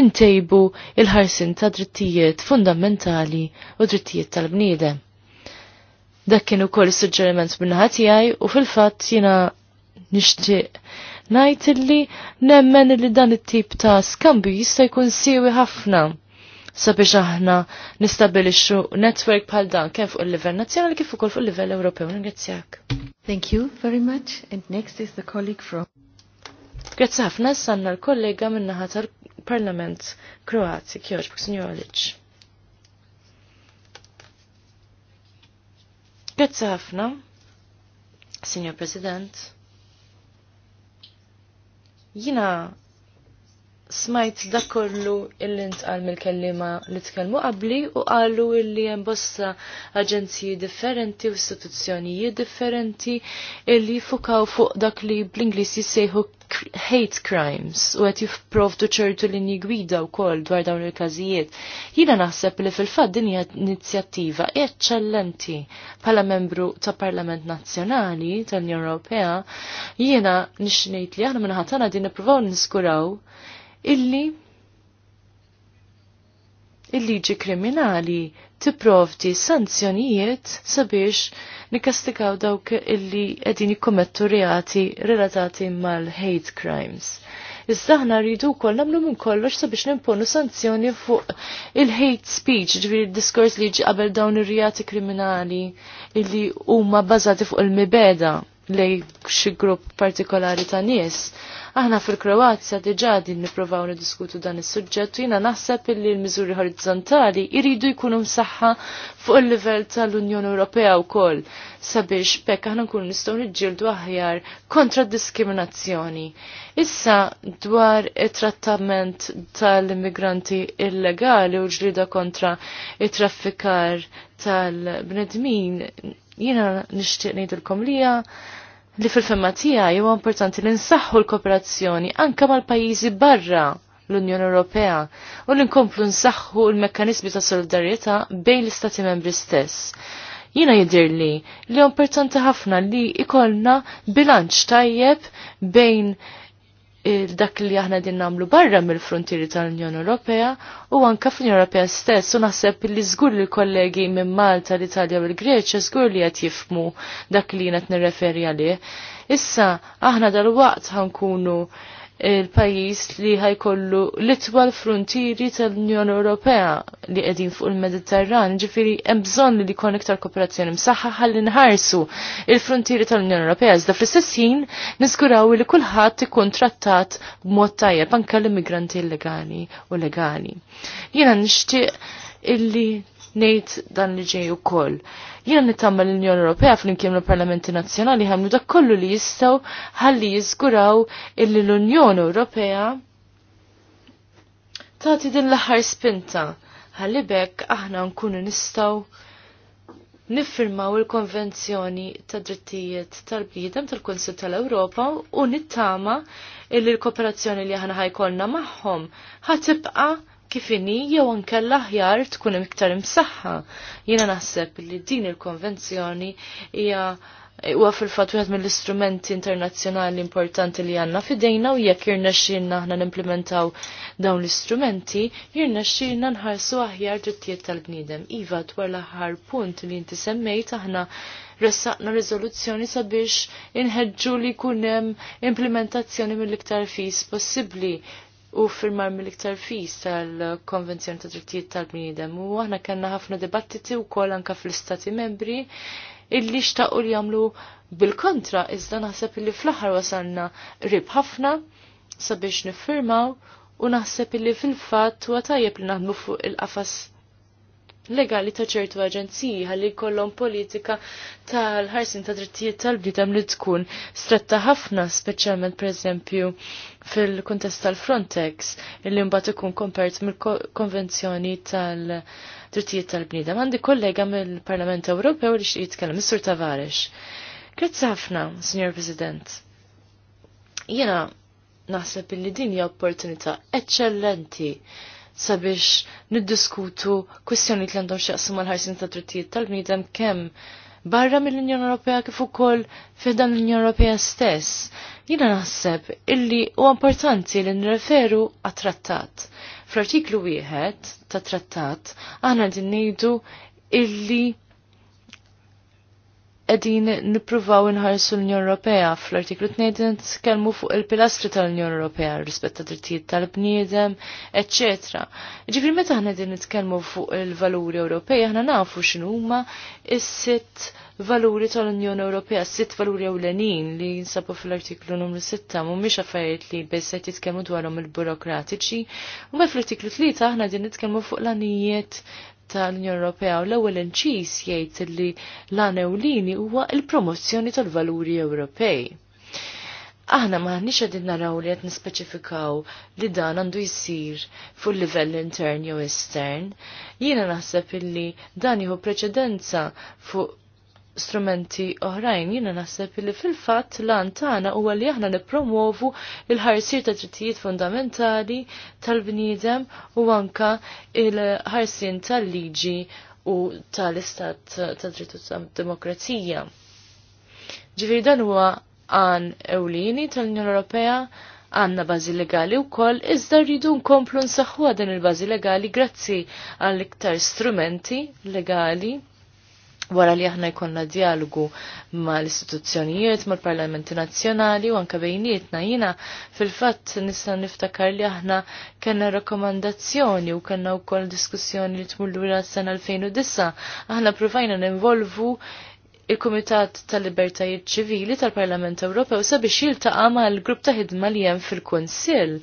intejbu il-ħarsin ta' drittijiet fundamentali u drittijiet tal-bniedem. Dak kien ukoll suġġeriment minnaħat tiegħi u fil-fatt jiena nixtieq najt illi nemmen li dan it-tip ta' skambju jista' jkun siewi ħafna sabiex aħna nistabilixxu netwerk bħal dan kemm fuq il-livell nazzjonali kif ukoll fuq il-livell Ewropew. Ringrazzjak. Thank you very much and next is the colleague from Grazzi ħafna sanna l-kollega min-naħa tal-Parlament Kroati, Kjoġ Buksinjolic. Grazzi ħafna, Signor President. Jina smajt dakollu il-lint ntqal mill-kellima li tkellmu qabli u qalu illi hemm bosta aġenziji differenti u istituzzjonijiet differenti illi fukaw fuq dak li bl-Ingliż jissejħu hate crimes u qed jifprovdu ċertu linji gwida wkoll dwar dawn il-każijiet. Jiena naħseb li fil-fatt din hija inizjattiva eċċellenti bħala membru ta' Parlament Nazzjonali tal-Unjoni Ewropea jiena nixnejt li aħna minħatana din nippruvaw niskuraw illi il-liġi kriminali tipprovdi sanzjonijiet sabiex nikastikaw dawk illi qegħdin jikkommettu reati relatati mal-hate crimes. Iżda aħna rridu wkoll namlu minn kollox sabiex nimponu sanzjoni fuq il-hate speech, il diskors li jiġi qabel dawn ir-reati kriminali illi huma bbażati fuq il-mibeda lej xi grupp partikolari ta' nies. Aħna fil-Kroazja diġà din nippruvaw niddiskutu dan is-suġġett u jiena naħseb illi l-miżuri horizzontali jridu jkunu msaħħa fuq il-livell tal-Unjoni Ewropea wkoll sabiex pekk aħna nkunu nistgħu niġġieldu aħjar kontra d diskriminazzjoni. Issa dwar it-trattament tal-immigranti illegali u ġlieda kontra it-traffikar tal-bnedmin Jina nishtiq nejdilkom lija li fil-femma tiegħi importanti li nsaħħu l-kooperazzjoni anke mal-pajjiżi barra l-Unjoni Ewropea u li nkomplu nsaħħu l-mekkanizmi ta' solidarjetà bejn l-Istati membri stess. Jina jidir li li importanti ħafna li ikollna bilanċ tajjeb bejn dak li aħna din namlu barra mill-frontieri tal-Unjoni Ewropea u anka fl-Unjoni Ewropea stess u naħseb li żgur li kollegi minn Malta, l-Italja u l-Greċja żgur li qed jifmu dak li qed nirreferi għalih. Issa aħna dal-waqt ħankunu il-pajis li ħajkollu l-itwal frontieri tal-Unjoni Ewropea li qegħdin fuq il-Mediterran, ġifieri hemm bżonn li jkun iktar kooperazzjoni msaħħa ħalli nħarsu il-frontieri tal-Unjoni Ewropea. Iżda fl-istess ħin niskuraw li kulħadd ikun trattat b'mod tajjeb anke l-immigranti illegali u legali. Jiena nixtieq illi ngħid dan li ġej ukoll. Jiena nitamma l-Unjoni Ewropea flimkien l parlamenti Nazzjonali ħamlu dak kollu li jistgħu ħalli jiżguraw illi l-Unjoni Ewropea tagħti din l-aħħar spinta ħalli bekk aħna nkunu nistgħu niffirmaw il-Konvenzjoni ta' Drittijiet tal bidem tal-Kunsil tal-Ewropa u nittama illi l-kooperazzjoni li aħna ħajkolna magħhom ħatibqa' kifini jew anke l-aħjar tkun iktar imsaħħa. Jiena naħseb li din il-konvenzjoni hija huwa fil-fatt wieħed mill-istrumenti internazzjonali importanti li għandna fidejna u jekk jirnexxielna aħna nimplementaw dawn l-istrumenti, jirnexxielna nħarsu aħjar drittijiet tal-bniedem. Iva dwar l-aħħar punt li inti semmejt aħna ressaqna riżoluzzjoni sabiex inħeġġu li jkun hemm implementazzjoni mill-iktar fis possibbli u firmar mill-iktar fis tal-Konvenzjoni ta' Drittijiet tal-Bniedem. U aħna kellna ħafna dibattiti wkoll anke fl-Istati Membri illi xtaqu li jagħmlu bil-kontra iżda naħseb illi fl-aħħar wasalna rib ħafna sabiex niffirmaw u naħseb illi fil-fatt huwa tajjeb li naħdmu fuq il-qafas legali ta' ċertu aġenziji ħalli kollom politika tal-ħarsin ta' drittijiet tal bidem li tkun stretta ħafna speċjalment pereżempju fil-kuntest tal-Frontex illi mbagħad ikun kompert mill-konvenzjoni tal-drittijiet tal-bnidem. Għandi kollega mill-Parlament Ewropew li xi jitkellem, Mr. Tavares. Grazzi ħafna, Signor President. Jena naħseb illi din hija opportunità eċċellenti sabiex niddiskutu kwistjoni li għandhom x'jaqsmu mal-ħarsin ta' trittijiet tal bnidem kemm barra mill-Unjoni Ewropea kif ukoll fidan l-Unjoni Ewropea stess. Jiena naħseb illi huwa importanti li nreferu għat-trattat. Fl-artiklu wieħed ta' trattat aħna din ngħidu illi edin nipruvaw inħarsu l-Unjon Ewropea fl-artiklu 2 nitkellmu fuq il-pilastri tal-Unjon Ewropea rispett ta' drittijiet tal-bniedem, etc. Ġifri meta aħna din nitkellmu fuq il-valuri Ewropej aħna nafu x'inhuma is-sitt valuri tal-Unjoni Ewropea, sitt valuri ewlenin li jinsabu fl-artiklu numru 6 mhumiex affarijiet li qed jitkellmu dwarhom il-burokratiċi, u fl-artiklu 3 aħna din nitkellmu fuq l-anijiet tal-Unjoni Ewropea u l-ewwel inċis jgħid li l-anewlini huwa il-promozzjoni tal-valuri Ewropej. Aħna ħniex qegħdin naraw li qed nispeċifikaw li dan għandu jsir fuq livell intern jew estern. Jiena naħseb illi dan jieħu preċedenza fuq strumenti oħrajn. Jina naħseb li fil-fatt lan tagħna huwa li aħna nippromovu il-ħarsir ta' drittijiet fundamentali tal-bniedem u anka il-ħarsin tal-liġi u tal-istat ta' drittu demokrazija. Ġifir dan huwa għan ewlini tal-Unjoni Ewropea għanna bazi legali u koll, iżda rridu nkomplu nsaħħu din il-bazi legali grazzi għall-iktar strumenti legali wara li aħna jkollna dialogu mal-istituzzjonijiet, mal-parlamenti nazzjonali u anka bejnietna jina fil-fatt nista' niftakar li aħna kellna rakkomandazzjoni u kellna wkoll diskussjoni li tmullu s sena 2009 aħna provajna ninvolvu il-Kumitat tal-Libertajiet Ċivili tal-Parlament Ewropew sabiex jiltaqa' mal-grupp ta' ħidma li hemm fil-Kunsill.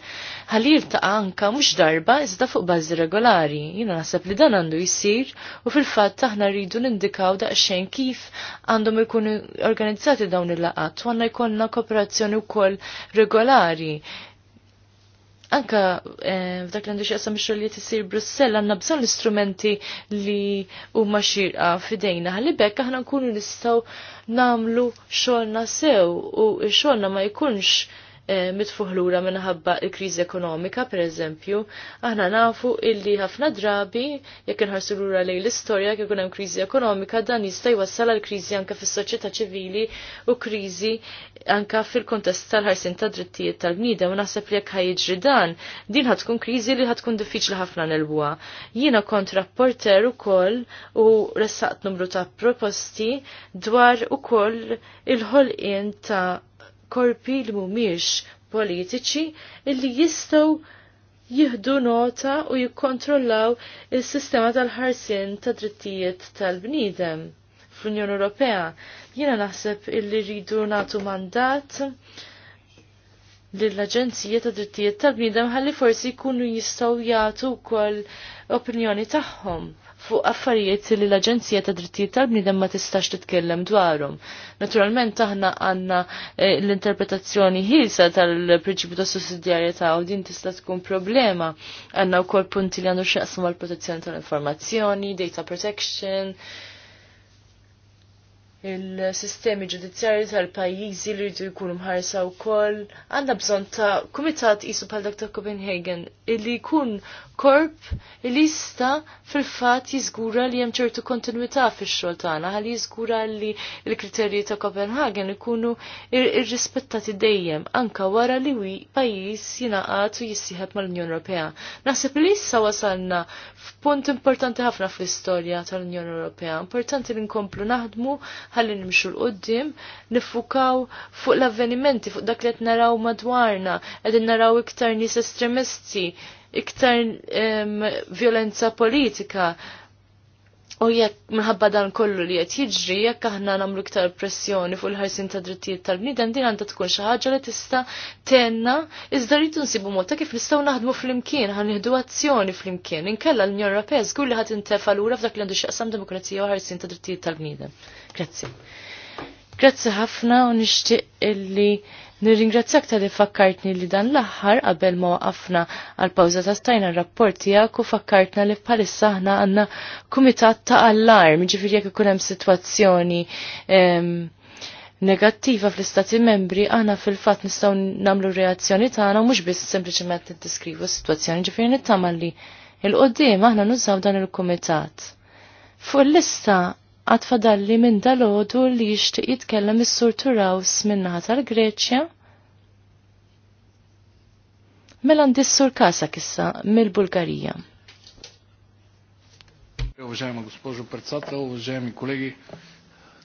Ħalli jiltaqa' anka mhux darba iżda fuq bażi regolari. Jiena naħseb li dan għandu jsir u fil-fatt aħna rridu nindikaw daqsxejn kif għandhom ikunu organizzati dawn il-laqat u għandna jkollna kooperazzjoni wkoll regolari anka eh, f'dak l-għandu xieqsam xoll li t-sir Brussel għanna bżon l-istrumenti li u maċirqa fidejna. Għalli bekk aħna nkunu nistaw namlu xolna sew u xolna ma jkunx Eh, mitfuħlura minħabba il-kriżi ekonomika, per eżempju, aħna nafu illi ħafna drabi jekk inħarsu lura lej l-istorja jekk hemm kriżi ekonomika dan jista' jwassal għal kriżi anke fis-soċjetà ċivili u kriżi anke fil-kontest tal-ħarsin ta' drittijiet tal-bniedem u naħseb li jekk ħajġri dan din ħatkun kriżi li ħatkun diffiċli ħafna nelbuha. Jiena kont rapporter ukoll u ressaqt numru ta' proposti dwar ukoll il-ħolqien ta' korpi li mhumiex politiċi illi jistgħu jihdu nota u jikkontrollaw il-sistema tal-ħarsin ta' drittijiet tal-bnidem fl-Unjoni Ewropea. Jiena naħseb illi rridu nagħtu mandat lill-Aġenzija ta' Drittijiet tal-Bniedem ħalli forsi jkunu jistgħu jagħtu wkoll opinjoni tagħhom fuq affarijiet li l-Aġenzija ta' Drittijiet tal-Bniedem ma tistax titkellem dwarhom. Naturalment aħna għandna eh, l-interpretazzjoni ħilsa tal-prinċipju ta' sussidjarjetà u din tista' tkun problema. Għandna wkoll punti li għandu x'jaqsmu għall protezzjoni tal-informazzjoni, data protection, il-sistemi ġudizzjarji tal-pajjiżi li rridu jkunu mħarsa wkoll għandna bżonn ta' kumitat qisu bħal dak ta' Copenhagen illi jkun korp li jista fil-fatt jiżgura li hemm ċertu kontinwità fix-xogħol tagħna ħalli jiżgura li l-kriterji ta' Copenhagen ikunu irrispettati dejjem anka wara li wi pajjiż jingħaqad u jissieħeb mal-Unjoni Ewropea. Naħseb li issa wasalna f'punt importanti ħafna fl-istorja tal-Unjoni Ewropea. Importanti li nkomplu naħdmu ħalli nimxu l-qoddim, nifukaw fuq l-avvenimenti, fuq dak li qed naraw madwarna, qegħdin naraw iktar nies estremisti, iktar um, violenza politika, U jekk minħabba dan kollu li qed jiġri, jekk aħna nagħmlu iktar pressjoni fuq il-ħarsin ta' drittijiet tal-bniedem din għandha tkun xi ħaġa li tista' tenna iżda rridu nsibu mod ta' kif nistgħu naħdmu flimkien, ħan nieħdu azzjoni flimkien. Inkella l-Unjon Ewropea żgur li ħadd intefa' lura f'dak li għandu x'aqsam demokrazija u ħarsin ta' drittijiet tal-bniedem. Grazzi. Grazzi ħafna u nixtieq illi Nirringrazzjak tal-li fakkartni li dan l-aħħar qabel ma waqafna għal pawza ta' stajna r-rapport tiegħek u fakkartna li bħalissa aħna għandna kumitat ta' allarm, ġifiri jekk ikun hemm sitwazzjoni negattiva fl-istati membri aħna fil-fatt nistgħu nagħmlu reazzjoni tagħna u mhux biss sempliċement n s-sitwazzjoni ġifieri nittamalli. il-qoddim aħna nużaw dan il-kumitat. Fu l-lista għad fadalli minn dalodu li jixtieq jitkellem is-sur Turaws minnaħa tal-Greċja. Mela sur kasa kissa mill-Bulgarija. Уважаема госпожо председател, уважаеми колеги,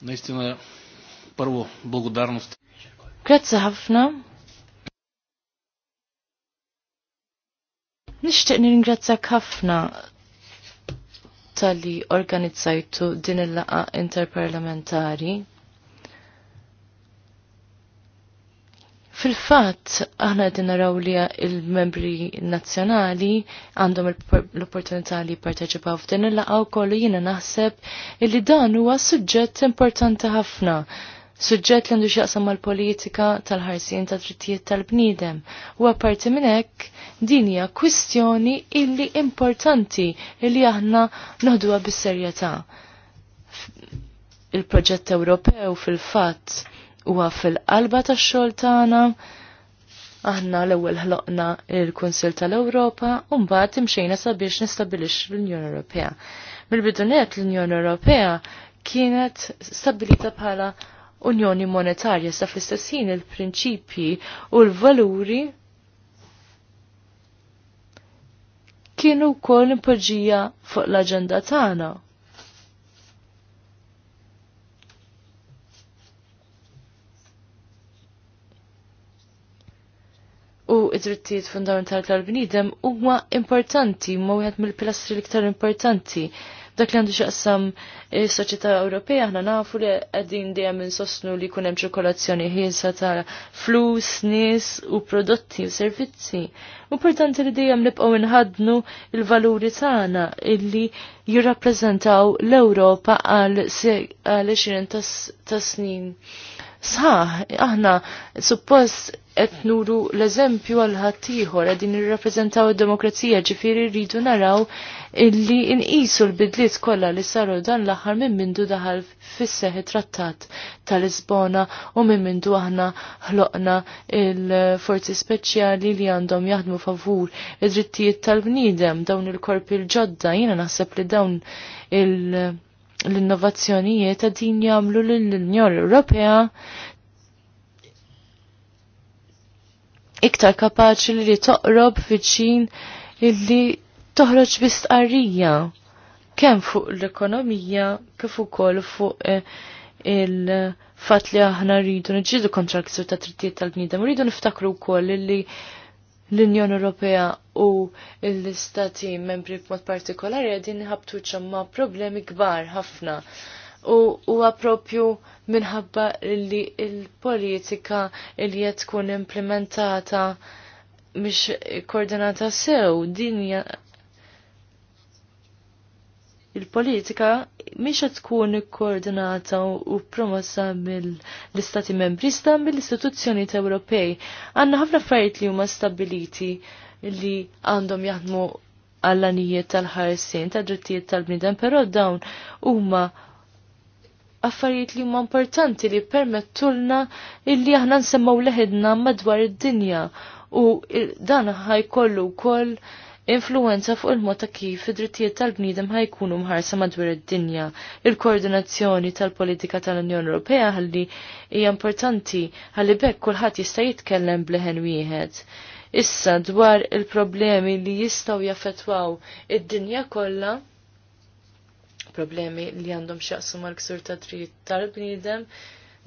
наистина първо благодарност. Грация Нищо не ningrazzjak ħafna tal-li organizzajtu din il-laqa interparlamentari. Fil-fat, aħna din naraw li il-membri nazzjonali għandhom l-opportunità li parteċipaw f'din il-laqgħa kollu jiena naħseb li dan huwa suġġett importanti ħafna suġġett li għandu xaqsam mal-politika tal-ħarsien ta' drittijiet tal-bniedem. U apparti minn hekk din hija kwistjoni illi importanti illi aħna noħduha bis-serjetà. Il-proġett Ewropew fil-fatt huwa fil-qalba tax-xogħol tagħna aħna l-ewwel ħloqna il-Kunsil tal-Ewropa u mbagħad imxejna sabiex nistabilix l-Unjoni Ewropea. Mill-bidunet l-Unjoni Ewropea kienet stabilita bħala unjoni monetarja sa fl istessin il-prinċipji u l-valuri kienu wkoll impoġija fuq l-aġenda tagħna. u id-drittijiet fundamentali tal-bnidem huma importanti, ma wieħed mill-pilastri l-iktar importanti Dak li għandu xaqsam il-soċieta eh, Ewropea aħna nafu li għadin dejjem insostnu li kunem ċirkolazzjoni ħilsa ta' flus, nis u prodotti u servizzi. Importanti li dejjem nibqgħu nħadnu il-valuri tagħna illi jirrappreżentaw l-Ewropa għal 20 tas snin. Sħaħ, aħna suppost qed nuru l-eżempju għal ħaddieħor qegħdin irrappreżentaw id-demokrazija ġifieri rridu naraw illi inqisu l-bidliet kollha li saru dan l-aħħar minn mindu daħal fis-seħi trattat tal-Lisbona u minn mindu aħna ħloqna il-forzi speċjali li għandhom jaħdmu favur id-drittijiet tal-bniedem dawn il-korpi l-ġodda jiena naħseb li dawn il- l-innovazzjonijiet għadin jamlu jagħmlu lill-Unjoni Ewropea iktar kapaċi li toqrob fiċin illi toħroġ bistqarrija kemm fuq l-ekonomija kif ukoll fuq eh, il-fatt li aħna rridu niġġidu kontra ta' trittijiet tal-bniedem, rridu niftakru wkoll li l-Unjoni Ewropea u l-istati membri b'mod partikolari qegħdin ħabtu ma' problemi kbar ħafna u huwa propju minħabba li l politika li qed tkun implementata mhix koordinata sew din il-politika qed tkun koordinata u promossa mill-istati membri sta mill-istituzzjonijiet Ewropej. Għandna ħafna affarijiet li huma stabiliti li għandhom jaħdmu għall-anijiet tal-ħarsin tal drittijiet tal-bniedem, però dawn huma affarijiet li huma importanti li permettulna illi aħna nsemmaw leħedna madwar id-dinja u dan ħajkollu wkoll influenza fuq il-mod ta' kif id-drittijiet tal-bniedem ħajkunu mħarsa madwar id-dinja. Il-koordinazzjoni tal-politika tal-Unjoni Ewropea ħalli hija importanti ħalli bekk kulħadd jista' jitkellem bleħen wieħed. Issa dwar il-problemi li jistgħu jaffetwaw id-dinja kollha problemi li għandhom xaqsu mal-ksur ta' dritt tal-bniedem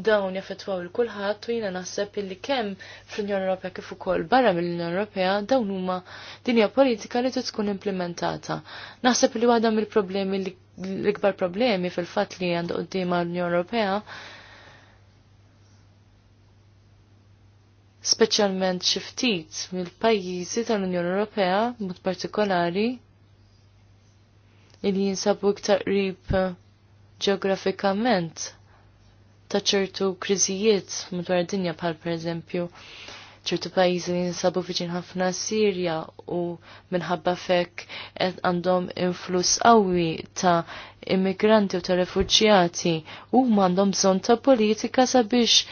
dawn jaffetwaw il-kulħadd u jiena naħseb illi kemm fl-Unjoni Ewropea kif ukoll barra mill-Unjoni Ewropea dawn huma dinja politika li tkun implementata. Naħseb li waħda mill-problemi l-ikbar problemi fil-fatt li għandu qudiema l-Unjoni Ewropea speċjalment xi ftit mill-pajjiżi tal-Unjoni Ewropea, mod partikolari, li jinsabu iktar qrib eh, ġeografikament ta' ċertu kriżijiet madwar dinja bħal pereżempju ċertu pajjiżi li jinsabu viċin ħafna Sirja u minħabba fekk qed għandhom influss qawwi ta' immigranti u ta' refuġjati huma għandhom bżonn ta' politika sabiex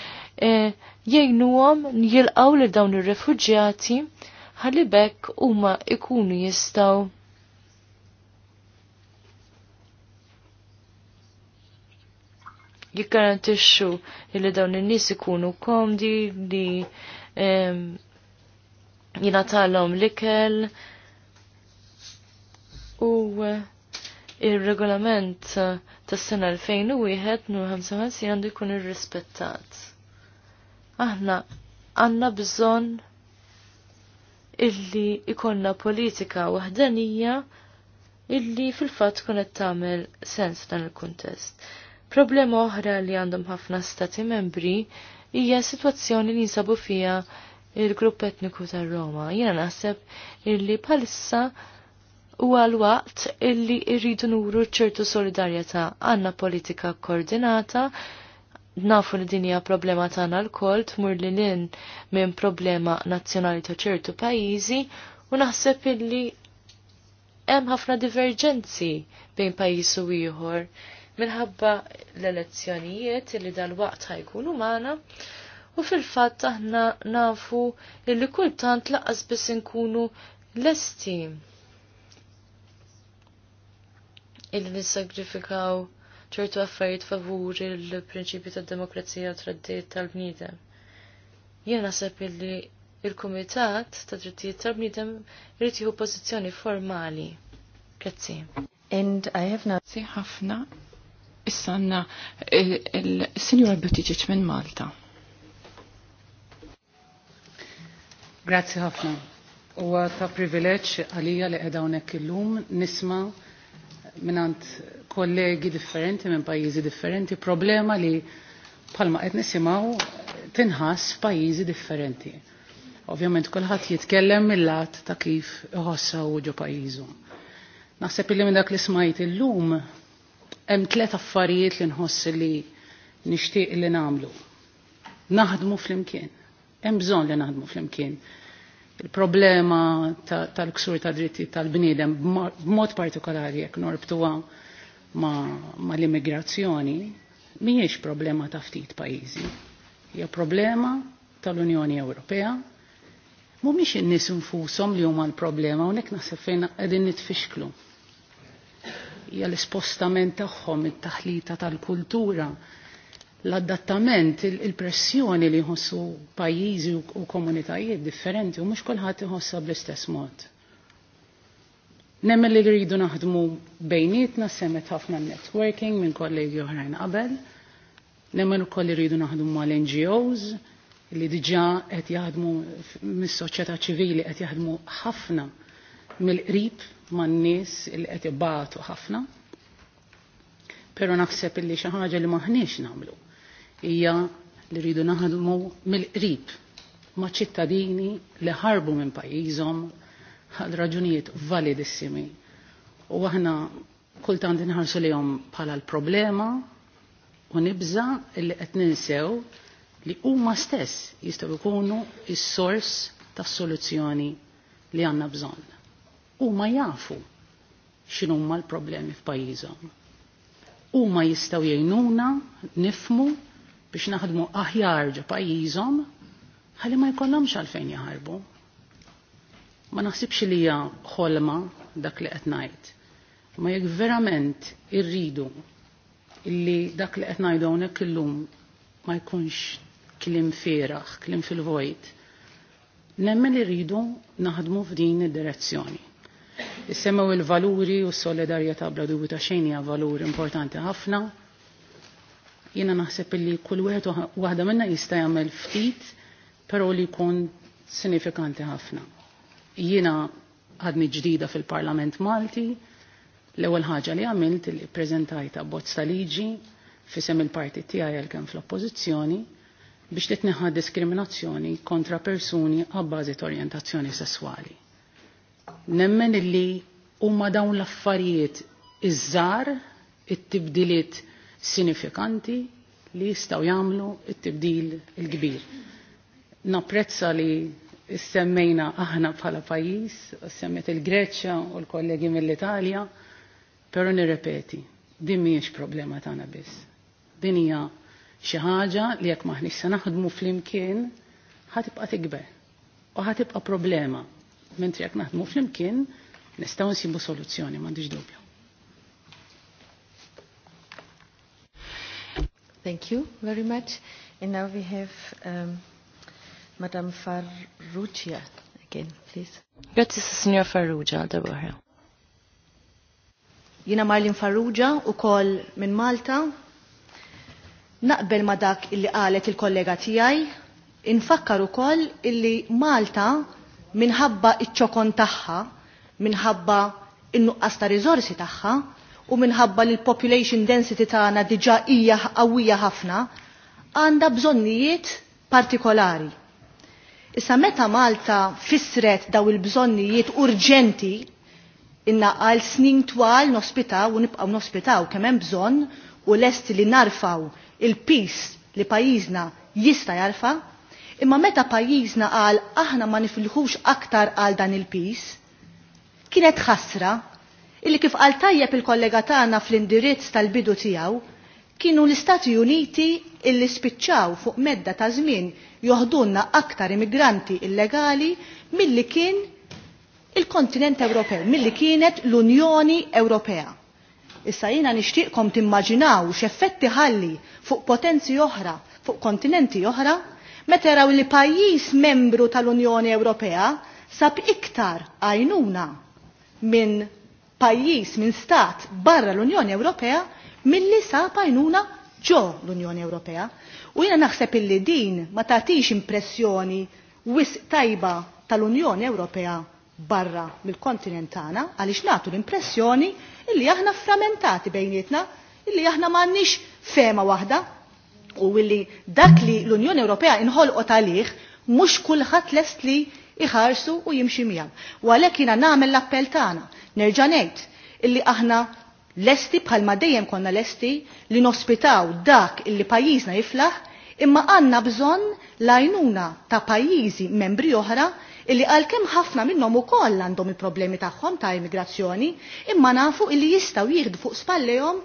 eh, jgħinuhom jilqgħu lil dawn ir-refuġjati ħalli bekk huma ikunu jistgħu jikkarantixxu li dawn in-nies ikunu komdi li jingħatalhom l-ikel u eh, il-regolament tas-sena 2001 nu 55 għandu jkun irrispettat. Aħna għandna bżonn illi ikonna politika waħdanija illi fil-fat kunet tagħmel sens dan il-kuntest. Problema oħra li għandhom ħafna stati membri hija situazzjoni li jinsabu fija il-grupp etniku tar Roma. Jiena naħseb illi bħalissa huwa l-waqt illi rridu nuru ċertu solidarjetà għandna politika koordinata nafu li dinja problema tagħna l-kol tmur li l-in minn problema nazzjonali ta' ċertu pajjiżi u naħseb illi hemm ħafna diverġenzi bejn pajjiż u ieħor minħabba l-elezzjonijiet li dal-waqt ħajkunu magħna u fil-fatt aħna nafu li kultant laqqas biss inkunu lesti illi nissagrifikaw ċertu affarijiet favur il-prinċipju tad-demokrazija u traddiet tal-bniedem. jiena naħseb illi il-Kumitat ta' Drittijiet tal-Bniedem irid jieħu pożizzjoni formali. Grazzi. And I have not ħafna Issanna eh, il-Sinjora Butiċiċ minn Malta. Grazzi ħafna. Huwa ta' privileġġ għalija li qiegħda hawnhekk illum nisma' minant kollegi differenti minn pajjiżi differenti problema li bħalma qed nisimgħu tinħass pajizi differenti. Ovvjament kulħadd jitkellem mill-lat ta' kif u ġo pajjiżu. Naħseb illi minn dak li smajt illum hemm tliet affarijiet li nħoss li nixtieq li nagħmlu. Naħdmu flimkien. Hemm bżonn li naħdmu flimkien. Il-problema tal-ksur ta', ta, dritti tal-bniedem b'mod partikolari jekk norbtuha ma, ma l-immigrazzjoni mhijiex problema ta' ftit pajjiżi. Hija problema tal-Unjoni Ewropea. Mhumiex in-nies infushom li huma l-problema hawnhekk naħseb fejn qegħdin nitfixklu hija l-ispostament tagħhom it-taħlita tal-kultura, l-adattament, il-pressjoni li jħossu pajjiżi u komunitajiet differenti u mhux kulħadd iħossha bl-istess mod. Nemmel li rridu naħdmu bejnietna semmet ħafna networking minn kollegi oħrajn qabel, nemmel ukoll li rridu naħdmu mal-NGOs, li diġa qed jaħdmu mis-soċjetà ċivili qed jaħdmu ħafna mill-qrib man-nies li qed ibatu ħafna. Però naħseb illi xi ħaġa li maħniex nagħmlu hija li rridu naħdmu mill-qrib ma' ċittadini li ħarbu minn pajjiżhom għal raġunijiet validissimi. U aħna kultant inħarsu li jom pala l-problema u nibza li qed ninsew li huma stess jistgħu jkunu is-sors tas-soluzzjoni li għandna bżonn huma jafu x'inhuma l-problemi f'pajjiżhom. ma jistgħu jgħinuna nifmu biex naħdmu aħjar ġa pajjiżhom ħalli ma jkollhomx għalfejn jaħarbu. Ma naħsibx li hija ħolma dak li qed ngħid. Ma jekk verament irridu illi dak li qed ngħidu hawnhekk illum ma jkunx kliem fieraħ, kliem fil-vojt. Nemmen irridu naħdmu f'din id-direzzjoni. Issemmew il-valuri u s-solidarjetà bla dubju ta' xejn hija valur importanti ħafna. Jiena naħseb li kull wieħed waħda minna jista' jagħmel ftit, però li jkun sinifikanti ħafna. Jiena ħadni ġdida fil-Parlament Malti, l-ewwel ħaġa li għamilt li preżentajt abbozz ta' liġi fisem il-partit tiegħi għal kemm fl-oppożizzjoni biex titneħħa diskriminazzjoni kontra persuni għabbażi ta' orjentazzjoni sesswali nemmen illi huma dawn l-affarijiet iż-żar it-tibdiliet sinifikanti li jistaw jamlu it-tibdil il-kbir. Napprezza li semmejna aħna bħala pajis, semmet il-Greċja u l-kollegi mill-Italja, pero nirrepeti, din miex problema tagħna biss. Din hija xi ħaġa li jekk maħniex se naħdmu flimkien ħatibqa' tikber u ħatibqa' problema mentri jekk naħdmu flimkien nistgħu nsibu soluzzjoni, m'għandix dubju. Thank you very much. And now we have um, Madame Farrugia again, please. Grazie, Signor Farrugia, da boħra. Jina Marlin Farrugia, u kol minn Malta. Naqbel ma dak illi qalet il-kollega tijaj, infakkar u kol illi Malta minħabba iċ-ċokon tagħha, minħabba in-nuqqas ta' riżorsi tagħha u minħabba li l-population density tagħna diġà hija qawwija ħafna, għandha bżonnijiet partikolari. Issa meta Malta fissret daw il-bżonnijiet urġenti innaqal snin twal nospitaw u nibqaw nospitaw kemm hemm bżonn u lest li narfaw il-pis li pajjiżna jista' jarfa' Imma meta pajjiżna qal aħna ma nifilħux aktar għal dan il-pis, kienet ħasra illi kif għal tajjeb il-kollega tagħna fl-indirizz tal-bidu tiegħu kienu l-Istati Uniti illi spiċċaw fuq medda ta' żmien joħdunna aktar immigranti illegali milli kien il-kontinent Ewropew, milli kienet l-Unjoni Ewropea. Issa jina nixtieqkom timmaġinaw x'effetti ħalli fuq potenzi oħra, fuq kontinenti oħra, meta raw li pajjiż membru tal-Unjoni Ewropea sab iktar għajnuna minn pajjiż minn stat barra l-Unjoni Ewropea milli sab għajnuna ġo l-Unjoni Ewropea. U jiena naħseb illi din ma tagħtix impressjoni wisq tajba tal-Unjoni Ewropea barra mill-kontinent tagħna għaliex nagħtu l-impressjoni illi aħna frammentati bejnietna illi aħna m'għandniex fema waħda u illi dak li l-Unjoni Ewropea inħolqot għalih mhux kulħadd lest li iħarsu u jimxi miegħu. U għalhekk jiena nagħmel l-appell tagħna, nerġa' ngħid illi aħna lesti bħalma dejjem konna lesti li nospitaw dak illi pajjiżna jiflaħ imma għanna bżon lajnuna ta' pajjiżi membri oħra illi għalkemm ħafna minnhom ukoll għandhom il-problemi tagħhom ta' immigrazzjoni, imma nafu illi jistgħu jieħdu fuq spallejhom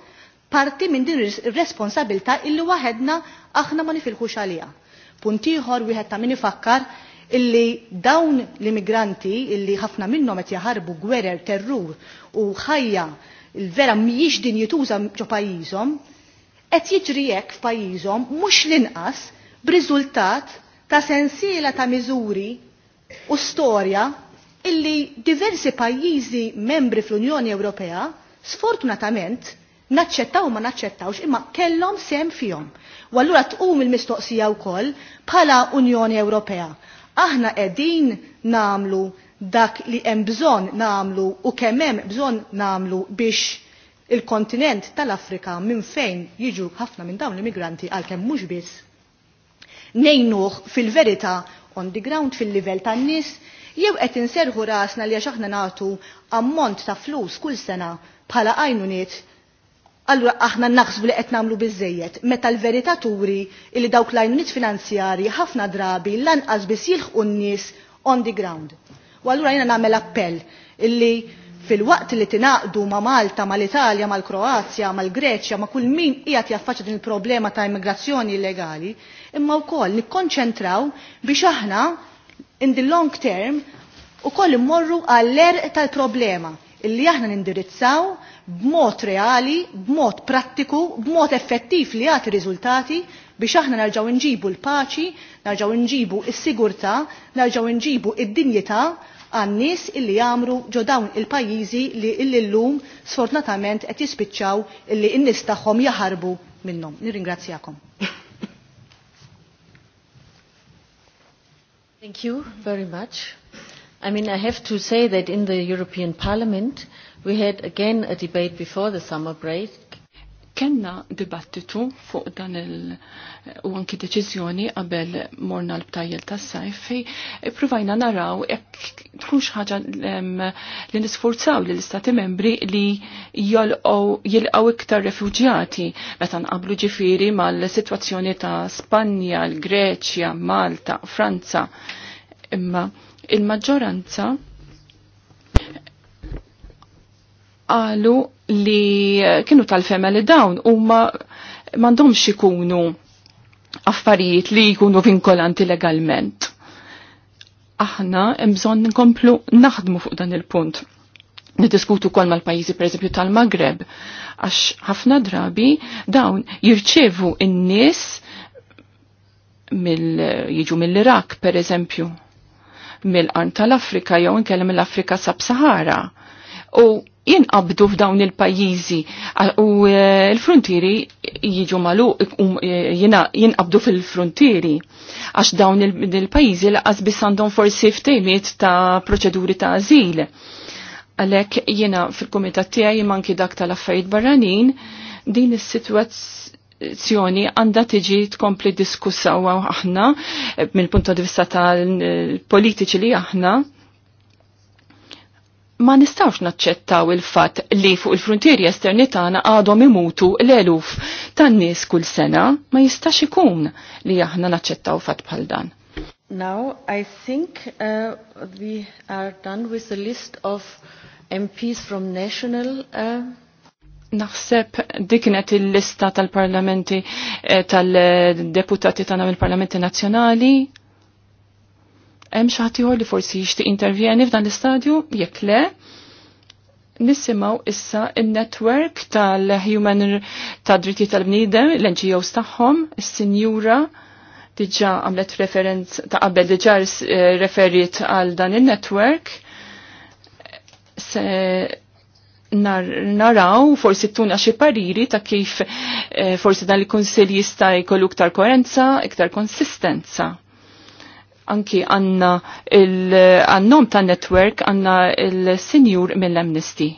parti minn din ir-responsabilta illi waħedna aħna ma nifilħux għalija. Punt ieħor wieħed ta' min ifakkar illi dawn l-immigranti illi ħafna minnhom qed jaħarbu gwerer, terrur u ħajja il vera mhijiex din jituża ġo pajjiżhom, qed jiġri hekk f'pajjiżhom mhux l-inqas b'riżultat ta' sensiela ta' miżuri u storja illi diversi pajjiżi membri fl-Unjoni Ewropea sfortunatament naċċettaw ma naċċettawx, imma kellhom sem fihom. U allura tqum il-mistoqsija wkoll bħala Unjoni Ewropea. Aħna qegħdin namlu dak li hemm bżonn namlu u kemm hemm bżonn namlu biex il-kontinent tal-Afrika minn fejn jiġu ħafna minn dawn l-immigranti għalkemm mhux biss. Nejnuh fil-verità on the ground fil-livell tan-nies jew qed inserħu rasna li għax aħna nagħtu ammont ta' flus kull sena bħala għajnuniet Allura aħna naħsbu li qed nagħmlu biżejjed meta l-verità turi li dawk l-għajnuniet finanzjarji ħafna drabi lanqas biss jilħqu n-nies on the ground. U allura jiena nagħmel appell illi fil-waqt li tinaqdu ma' Malta, ma' l-Italja, ma' l-Kroazja, ma' l-Greċja, ma' kull min qiegħed jaffaċċa din il-problema ta' immigrazzjoni illegali, imma wkoll nikkonċentraw biex aħna in the long term ukoll immorru għall-erq tal-problema illi aħna nindirizzaw b'mod reali, b'mod prattiku, b'mod effettiv li jagħti riżultati biex aħna narġaw nġibu l-paċi, narġaw nġibu s-sigurtà, narġaw nġibu id-dinjità għan-nies illi jagħmlu ġo dawn il-pajjiżi li illum sfortunatament qed jispiċċaw illi n-nies tagħhom jaħarbu minnhom. Nirringrazzjakom. Thank you very much. I mean, I have to say that in the European Parliament, We had again a debate before the summer break. Kenna dibattitu fuq dan il u anki deċiżjoni qabel morna l-btajjel tas-sajf fej provajna naraw jekk tkunx ħaġa li nisfurzaw li l-istati membri li jilqgħu iktar refuġjati meta nqablu ġifieri mal-sitwazzjoni ta' Spanja, l-Greċja, Malta, Franza. Imma il-maġġoranza qalu li kienu tal-fema li dawn u ma mandomx ikunu affarijiet li jkunu vinkolanti legalment. Aħna imżon nkomplu naħdmu fuq dan il-punt. Nidiskutu kol mal-pajizi per eżempju tal-Magreb, għax ħafna drabi dawn jirċevu in-nies jiġu mill-Irak per eżempju, mill-qarn tal-Afrika jew nkellem mill-Afrika sab-Sahara. U jinqabdu f'dawn il-pajjiżi u e, l-frontieri jiġu malu e, jinqabdu fil-frontieri għax dawn il-pajjiżi laqas biss għandhom forsi ftejmiet ta' proċeduri ta' azil. Għalek jiena fil-komitat tiegħi manki dak tal-affarijiet barranin din is-sitwazzjoni għandha tiġi tkompli diskussa aħna e, mill-punt di vista tal-politiċi li aħna ma nistawx naċċettaw il-fatt li fuq il-frontieri esterni tagħna għadhom imutu l-eluf tan-nies kull sena ma jistax ikun li aħna naċċettaw fatt bħal dan. Now I think uh, we are done with the list of MPs from national uh... Naħseb diknet il-lista tal-parlamenti eh, tal-deputati tagħna mill-parlamenti nazzjonali Hemm xi ħadd li forsi jixtieq intervjeni f'dan l-istadju jekk le. Nisimaw issa in-netwerk tal-Human ta' drittijiet tal-bniedem, l-NGOs tagħhom, is-Sinjura diġà għamlet referenz ta' qabel diġà eh, referit għal dan in-netwerk. Nar, naraw forsi tuna xi pariri ta' kif eh, forsi dan il-Kunsill jista' jkollu iktar koerenza, iktar konsistenza anki għanna għannom ta' network għanna il-senjur mill-amnesty.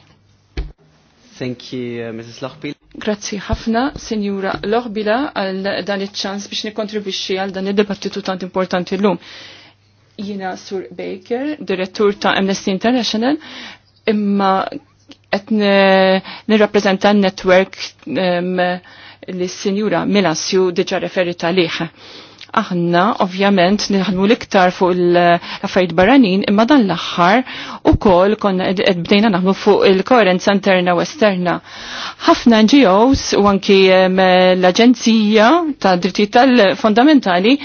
Thank you, uh, Mrs. Lohbil. Grazzi ħafna, Senjura Lohbila, għal dan il-ċans biex nikontribwixxi għal dan il-dibattitu tant importanti l-lum. Jina Sur Baker, direttur ta' Amnesty International, imma qed nirrappreżenta n-network li s-Sinjura Milasju diġa referita liħ aħna ovvjament nħadmu l-iktar fuq l-affarijiet barranin imma dan l-aħħar ukoll konna qed bdejna naħdmu fuq il-koerenza interna u esterna. Ħafna NGOs u anki l-Aġenzija ta' drittijiet tal-fondamentali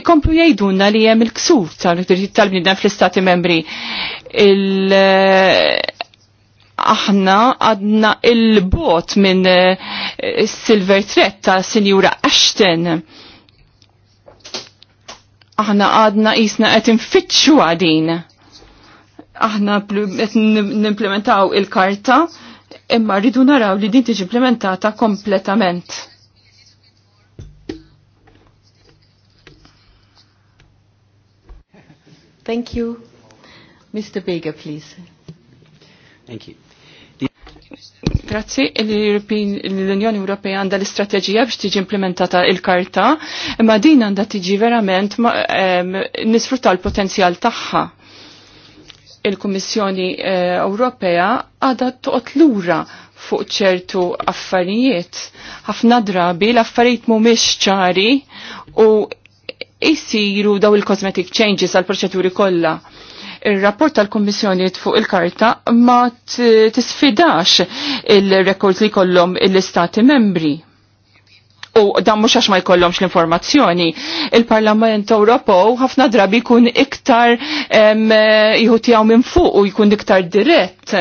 ikomplu jgħidulna li hemm il-ksur tal-drittijiet tal-bniedem fl-Istati membri. Il aħna għadna il-bot minn eh, Silver Threat ta' Sinjura Ashton aħna għadna jisna qed nfittxu għadin. Aħna qed nimplementaw il-karta imma rridu naraw li din tiġi implementata kompletament. Thank you. Mr. Baker, please. Thank you. Grazzi, l-Unjoni Ewropea għandha l-istrateġija biex tiġi implementata il-karta, imma din għandha tiġi verament nisfrutta l-potenzjal tagħha. Il-Kummissjoni eh, Ewropea għadha toqgħod lura fuq ċertu affarijiet. Ħafna drabi l-affarijiet mhumiex ċari u jisiru daw il-cosmetic changes għal proċeduri kollha il-rapport tal-Kommissjoni fuq il-karta ma tisfidax il-rekord li kollom il-Stati membri. U dan mhux għax ma jkollhomx l-informazzjoni. Il-Parlament Ewropew ħafna drabi jkun iktar jieħu tiegħu minn fuq u jkun iktar dirett.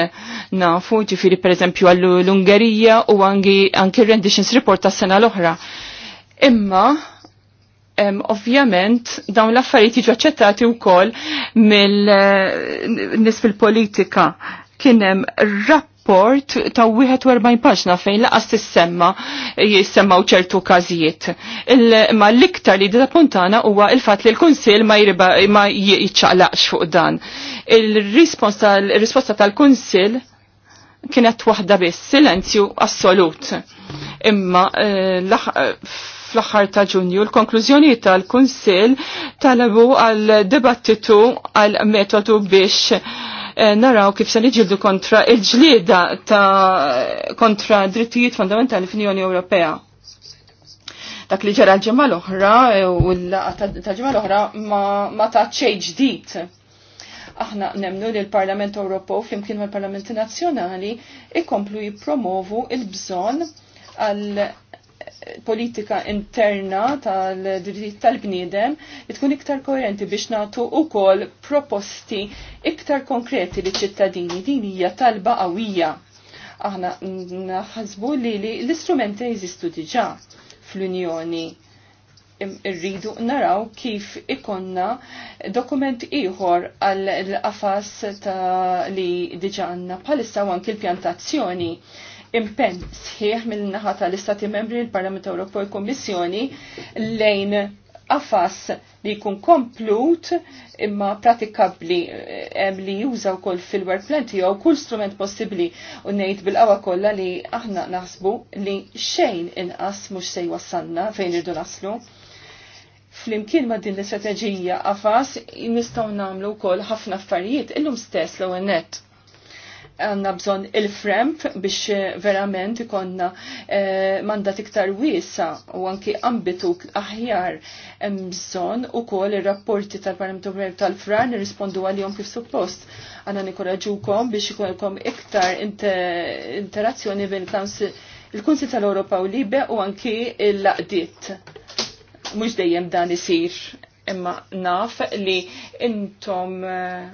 Nafu ġifieri pereżempju għall-Ungerija u anki renditions report tas-sena l-oħra. Imma Um, ovvjament dawn l-affarijiet jiġu aċċettati wkoll mill-nies eh, fil-politika. Kien hemm rapport ta' 41 paġna fejn laqas tissemma jissemmaw ċertu każijiet. Imma l-iktar li puntana huwa il-fatt li l-Kunsill ma jriba ma jiċċaqlaqx fuq dan. Il-risposta tal-Kunsill kienet waħda biss, silenzju assolut. Imma uh, fl-aħħar ta' Ġunju l-konklużjoni tal-Kunsill talabu għal debattitu għal metodu biex eh, naraw kif se niġildu kontra il-ġlieda ta' kontra drittijiet fundamentali fl-Unjoni Ewropea dak li ġara l-ġemma l-oħra eh, u l-ġemma l-oħra ma ta' ċej ġdid. Aħna nemnu li l-Parlament Ewropew flimkien mal parlamenti Nazzjonali ikomplu jippromovu il-bżonn għal politika interna tal dritt tal-bniedem tkun iktar koerenti biex nagħtu ukoll proposti iktar konkreti li ċittadini din hija talba qawwija. Aħna naħsbu li l-istrumenti jeżistu diġà fl-Unjoni irridu naraw kif ikonna dokument iħor għal-qafas ta' li diġanna palissa u anki l-pjantazzjoni impenn sħiħ mill-naħa tal-Istati Membri, l parlament Ewropew, il-Kommissjoni lejn qafas li jkun komplut imma pratikabli hemm eh, li juża wkoll fil-work plan tiegħu kull strument possibbli u ngħid bil-qawwa kollha li aħna naħsbu li xejn inqas mhux se jwassalna fejn irdu naslu. Flimkien ma' din l-istrateġija għafas, nistgħu nagħmlu wkoll ħafna affarijiet illum stess l-ewwel għanna bżon il-fremp biex verament ikonna eh, mandat iktar wisa u anki ambitu aħjar bżon u kol il-rapporti tal-Parlamentu tal-Fran nirrispondu għal-jom kif suppost. Għanna nikoraġukom biex ikolkom iktar inter interazzjoni bil il-Kunsi tal-Europa u Libe u anki il-laqdiet. Mux dejjem dan isir imma naf li intom eh,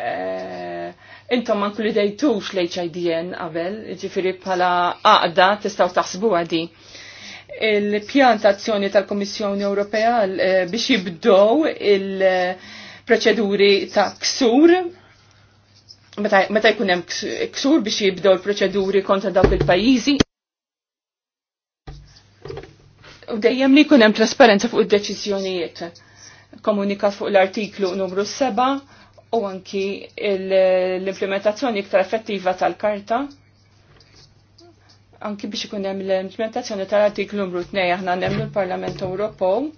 Eh, intom ma dejtux l-HIDN qabel, ġifiri bħala għaqda tistaw taħsbu għadi. il pjant ta' azzjoni tal-Komissjoni Ewropea eh, biex jibdow il-proċeduri ta' ksur, meta jkun hemm ksur biex jibdow il-proċeduri kontra dawk il-pajjiżi. U dejjem li jkun hemm trasparenza fuq id-deċiżjonijiet. Komunika fuq l-artiklu numru 7 u anki l-implementazzjoni iktar effettiva tal-karta anki biex ikun hemm l-implementazzjoni tal-artiklu numru 2 aħna nemmu l-Parlament Ewropew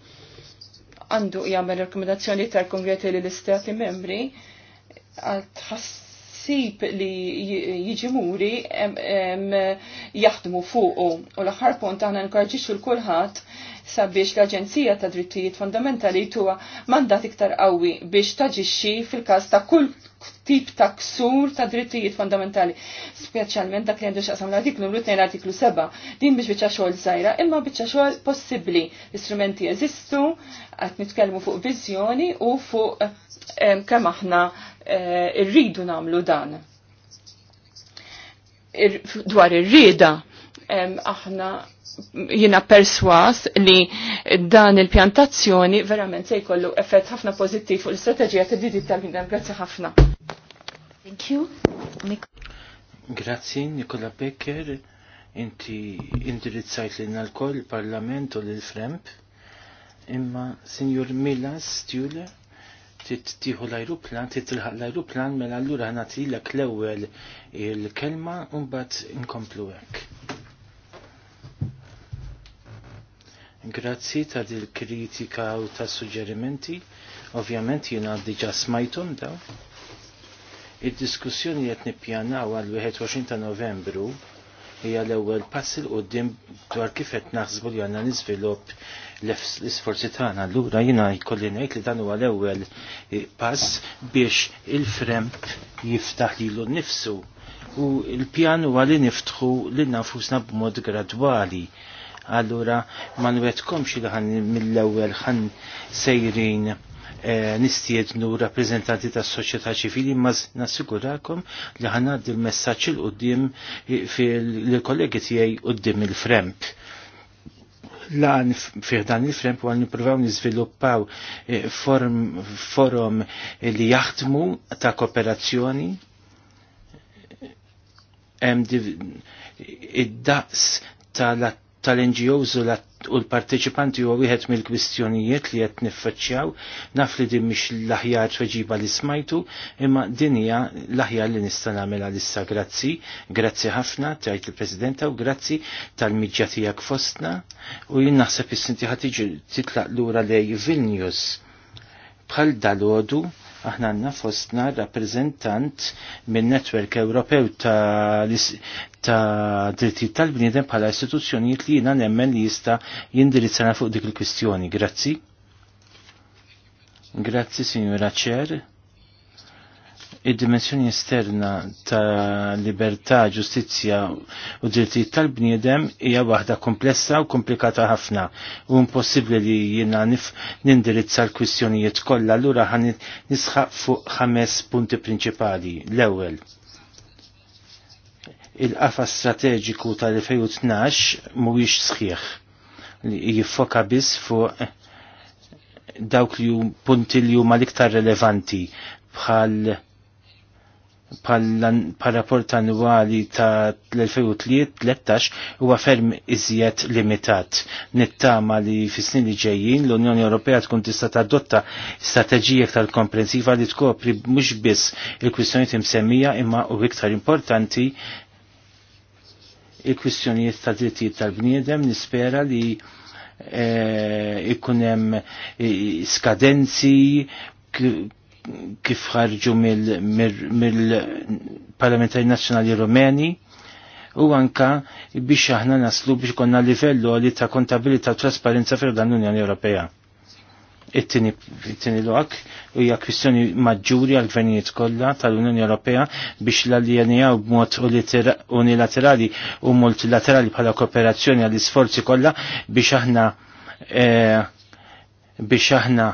għandu jagħmel rekomendazzjoni tal-Kongreti lill istati membri għal tħass tħassib li jiġi muri jaħdmu fuqu. U l-aħħar punt aħna nkorġiċu l-kulħadd sabiex l-Aġenzija ta' Drittijiet Fundamentali tuwa mandat iktar qawwi biex taġixxi fil-każ ta' kull tip ta' ksur ta' drittijiet fondamentali, speċjalment dak li għandu xaqsam l-artiklu numru 2 l-artiklu 7, din biex biċċa xogħol zaħira, imma biċċa xogħol possibbli. L-istrumenti jeżistu, qed nitkellmu fuq viżjoni u fuq kemm aħna eh, rridu nagħmlu dan. Dwar ir-rieda aħna jina perswas li dan il-pjantazzjoni verament se jkollu effett ħafna pozittiv fuq l-istrateġija t-didi tal-bnidem. Grazie ħafna. Thank you. Nik Grazie, Nikola Becker. Inti indirizzajt li nalkoll il-parlament u l-fremp. Imma, Signor Mila Stjule, tiħu l-ajruplan, titilħaq l-ajruplan, mela allura ħanatilek l-ewel il-kelma un bat inkomplu hekk. Grazzi ta' dil kritika u ta' suġġerimenti, ovvjament jina diġa smajtum daw. Id-diskussjoni qed nippjanaw għal 21 ta' Novembru hija l-ewwel pass il qudiem dwar kif qed naħsbu li għandna niżvilupp l-isforzi tagħna. Allura jiena jkolli ngħid li dan huwa l-ewwel pass biex il-frem jiftaħ lilu nnifsu u l-pjan huwa li niftħu lil nafusna b'mod gradwali allura ma nwetkom li ħan mill-ewwel ħan sejrin eh, nistiednu rappresentanti tas soċjetà ċivili ma nassigurakom li ħan għaddi l-messaġġ il qudiem fil-kollegi tiegħi qudiem il-fremp. Lan fih dan il-fremp u għan nipruvaw nizviluppaw eh, forum li jaħdmu ta' kooperazzjoni hemm id-daqs tal tal-NGOs u l-parteċipanti u wieħed mill-kwistjonijiet li qed niffaċċjaw naf li din mhix l-aħjar tweġiba li smajtu imma din hija l-aħjar li nista' nagħmilha lissa grazzi, grazzi ħafna tajt il-Presidenta u grazzi tal-miġġa tiegħek fostna u jien naħseb ħatiġi titlaq l titlaq lura lej Vilnius bħal dalodu aħna għanna fostna rappresentant minn netwerk Ewropew ta', dritti tal-bniedem bħala istituzzjonijiet li jina nemmen li jista jindirizzana fuq dik il-kwistjoni. Grazzi. Grazzi, Signora Ċer id-dimensjoni esterna ta' libertà, ġustizzja u drittijiet tal-bniedem hija waħda komplessa u komplikata ħafna u impossibbli li jiena nindirizza l-kwistjonijiet kollha allura ħan nisħaq fuq ħames punti prinċipali. L-ewwel il qafa strateġiku tal-2012 mhuwiex sħiħ li jiffoka biss fuq dawk li punti li huma l-iktar relevanti bħal pal-rapport annwali ta' l-2013 huwa ferm iżjed limitat. Nittama li fis-snin li ġejjin l-Unjoni Ewropea tkun tista' tadotta strateġija iktar komprensiva li tkopri mhux biss il-kwistjonijiet imsemmija imma u iktar importanti il-kwistjonijiet ta' drittijiet tal-bniedem nispera li eh, ikun hemm eh, skadenzi kif ħarġu mill-parlamentari nazzjonali rumeni u anka biex aħna naslu biex konna livellu li ta' kontabilità u trasparenza fir dan l-Unjoni Ewropea. It-tini l-għak u hija kwistjoni maġġuri għal gvernijiet kollha tal-Unjoni Ewropea biex l-allijenjaw b'mod unilaterali u multilaterali bħala kooperazzjoni għall isforzi kollha biex aħna eh, biex aħna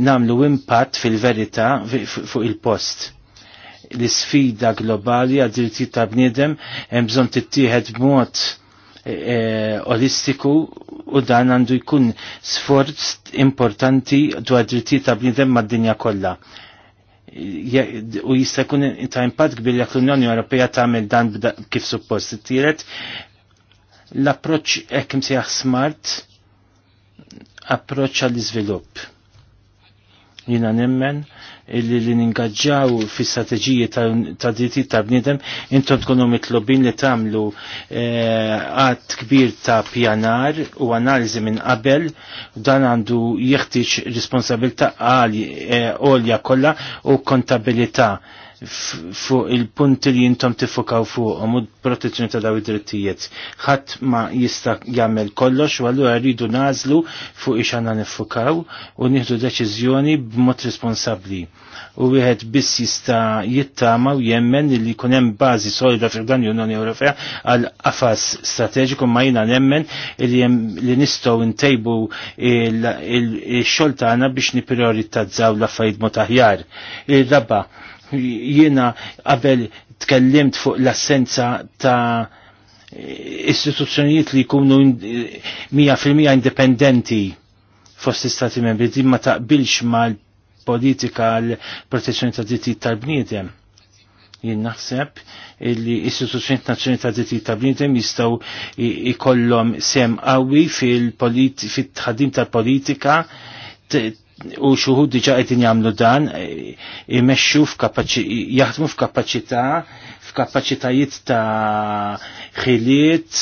namlu impatt fil-verità fuq il-post l-sfida globali għad drittijiet ta' bniedem hemm bżonn tittieħed b'mod e, e, olistiku u dan għandu jkun sforz importanti dwar drittijiet ta' bniedem mad-dinja kollha. U jista' jkun ta' impatt kbir jekk l-Unjoni Ewropea tagħmel dan kif suppost tielet l-approċċ hekk imsejjaħ smart approċċ għall-iżvilupp Jina nemmen illi li ningaġġaw fi strategiji ta' dritti ta' bnidem intom tkunu mitlobin li tamlu eh, għad kbir ta' pjanar u analizi minn qabel dan għandu jeħtieġ responsabilta' għalja eh, kollha u kontabilita' fuq il-punti li jintom tifukaw fuqhom u protezzjoni ta' daw id-drittijiet. Ħadd ma jista' jagħmel kollox u allura rridu nażlu fuq ix-xana nifokaw u nieħdu deċiżjoni b'mod responsabbli. U wieħed biss jista' jittama u jemmen li jkun hemm bażi solida fil-dan l-Unjoni Ewropea għal qafas strateġiku ma jiena nemmen li nistgħu ntejbu il-xogħol tagħna biex nipprioritizzaw l-affarijiet mod aħjar. Il-raba' Jiena qabel tkellimt fuq l-assenza ta' istituzzjonijiet li jkunu 100% indipendenti fost istati membri, din ma taqbilx mal politika l-protezzjoni ta' diritti tal-bniedem. Jien naħseb li istituzzjoni nazzjoni ta' diritti tal-bniedem jistgħu ikollhom sem qawwi fil-tħaddim tal-politika u xuhud diġa qegħdin jagħmlu dan e, imexxu jaħdmu f'kapaċità f'kapaċitajiet ta' ħiliet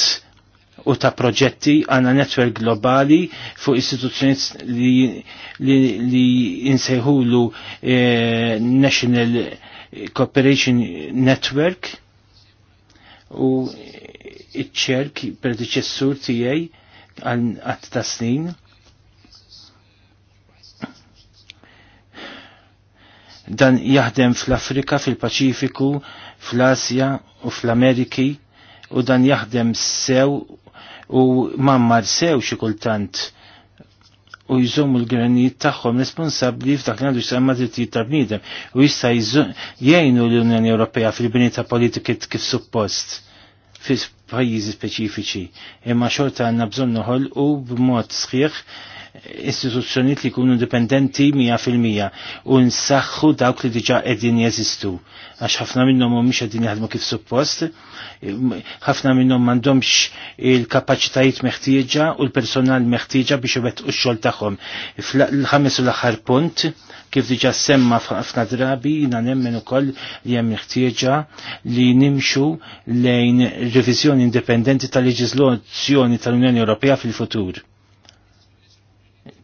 u ta' proġetti għana netwerk globali fuq istituzzjoniet li, li, li insejħulu e, National Cooperation Network u iċ-ċerk predeċessur tiegħi għal ta' snin Dan jaħdem fl-Afrika, fil-Paċifiku, fl-Asja u fl-Ameriki u dan jaħdem sew u mammar sew xi kultant u jżommu l-granit tagħhom responsabbli f'dak li għandu jisemma drittijiet ta' bniedem u jista' jgħinu l-Unjoni Ewropea fil-bini ta' politiki kif suppost fi pajjiżi speċifiċi. Imma xorta għandna bżonn noħol u b'mod sħiħ istituzzjonijiet li jkunu indipendenti 100% u nsaħħu dawk li diġa' qegħdin jeżistu. Għax ħafna minnhom mhumiex qegħdin jaħdmu kif suppost, ħafna minnhom m'għandhomx il-kapaċitajiet meħtieġa u l-personal meħtieġa biex bet x-xogħol tagħhom. L-ħames u l ħar punt kif diġà semma ħafna drabi jiena nemmen ukoll li hemm meħtieġa li nimxu lejn riviżjoni indipendenti tal-leġiżlazzjoni tal-Unjoni Ewropea fil-futur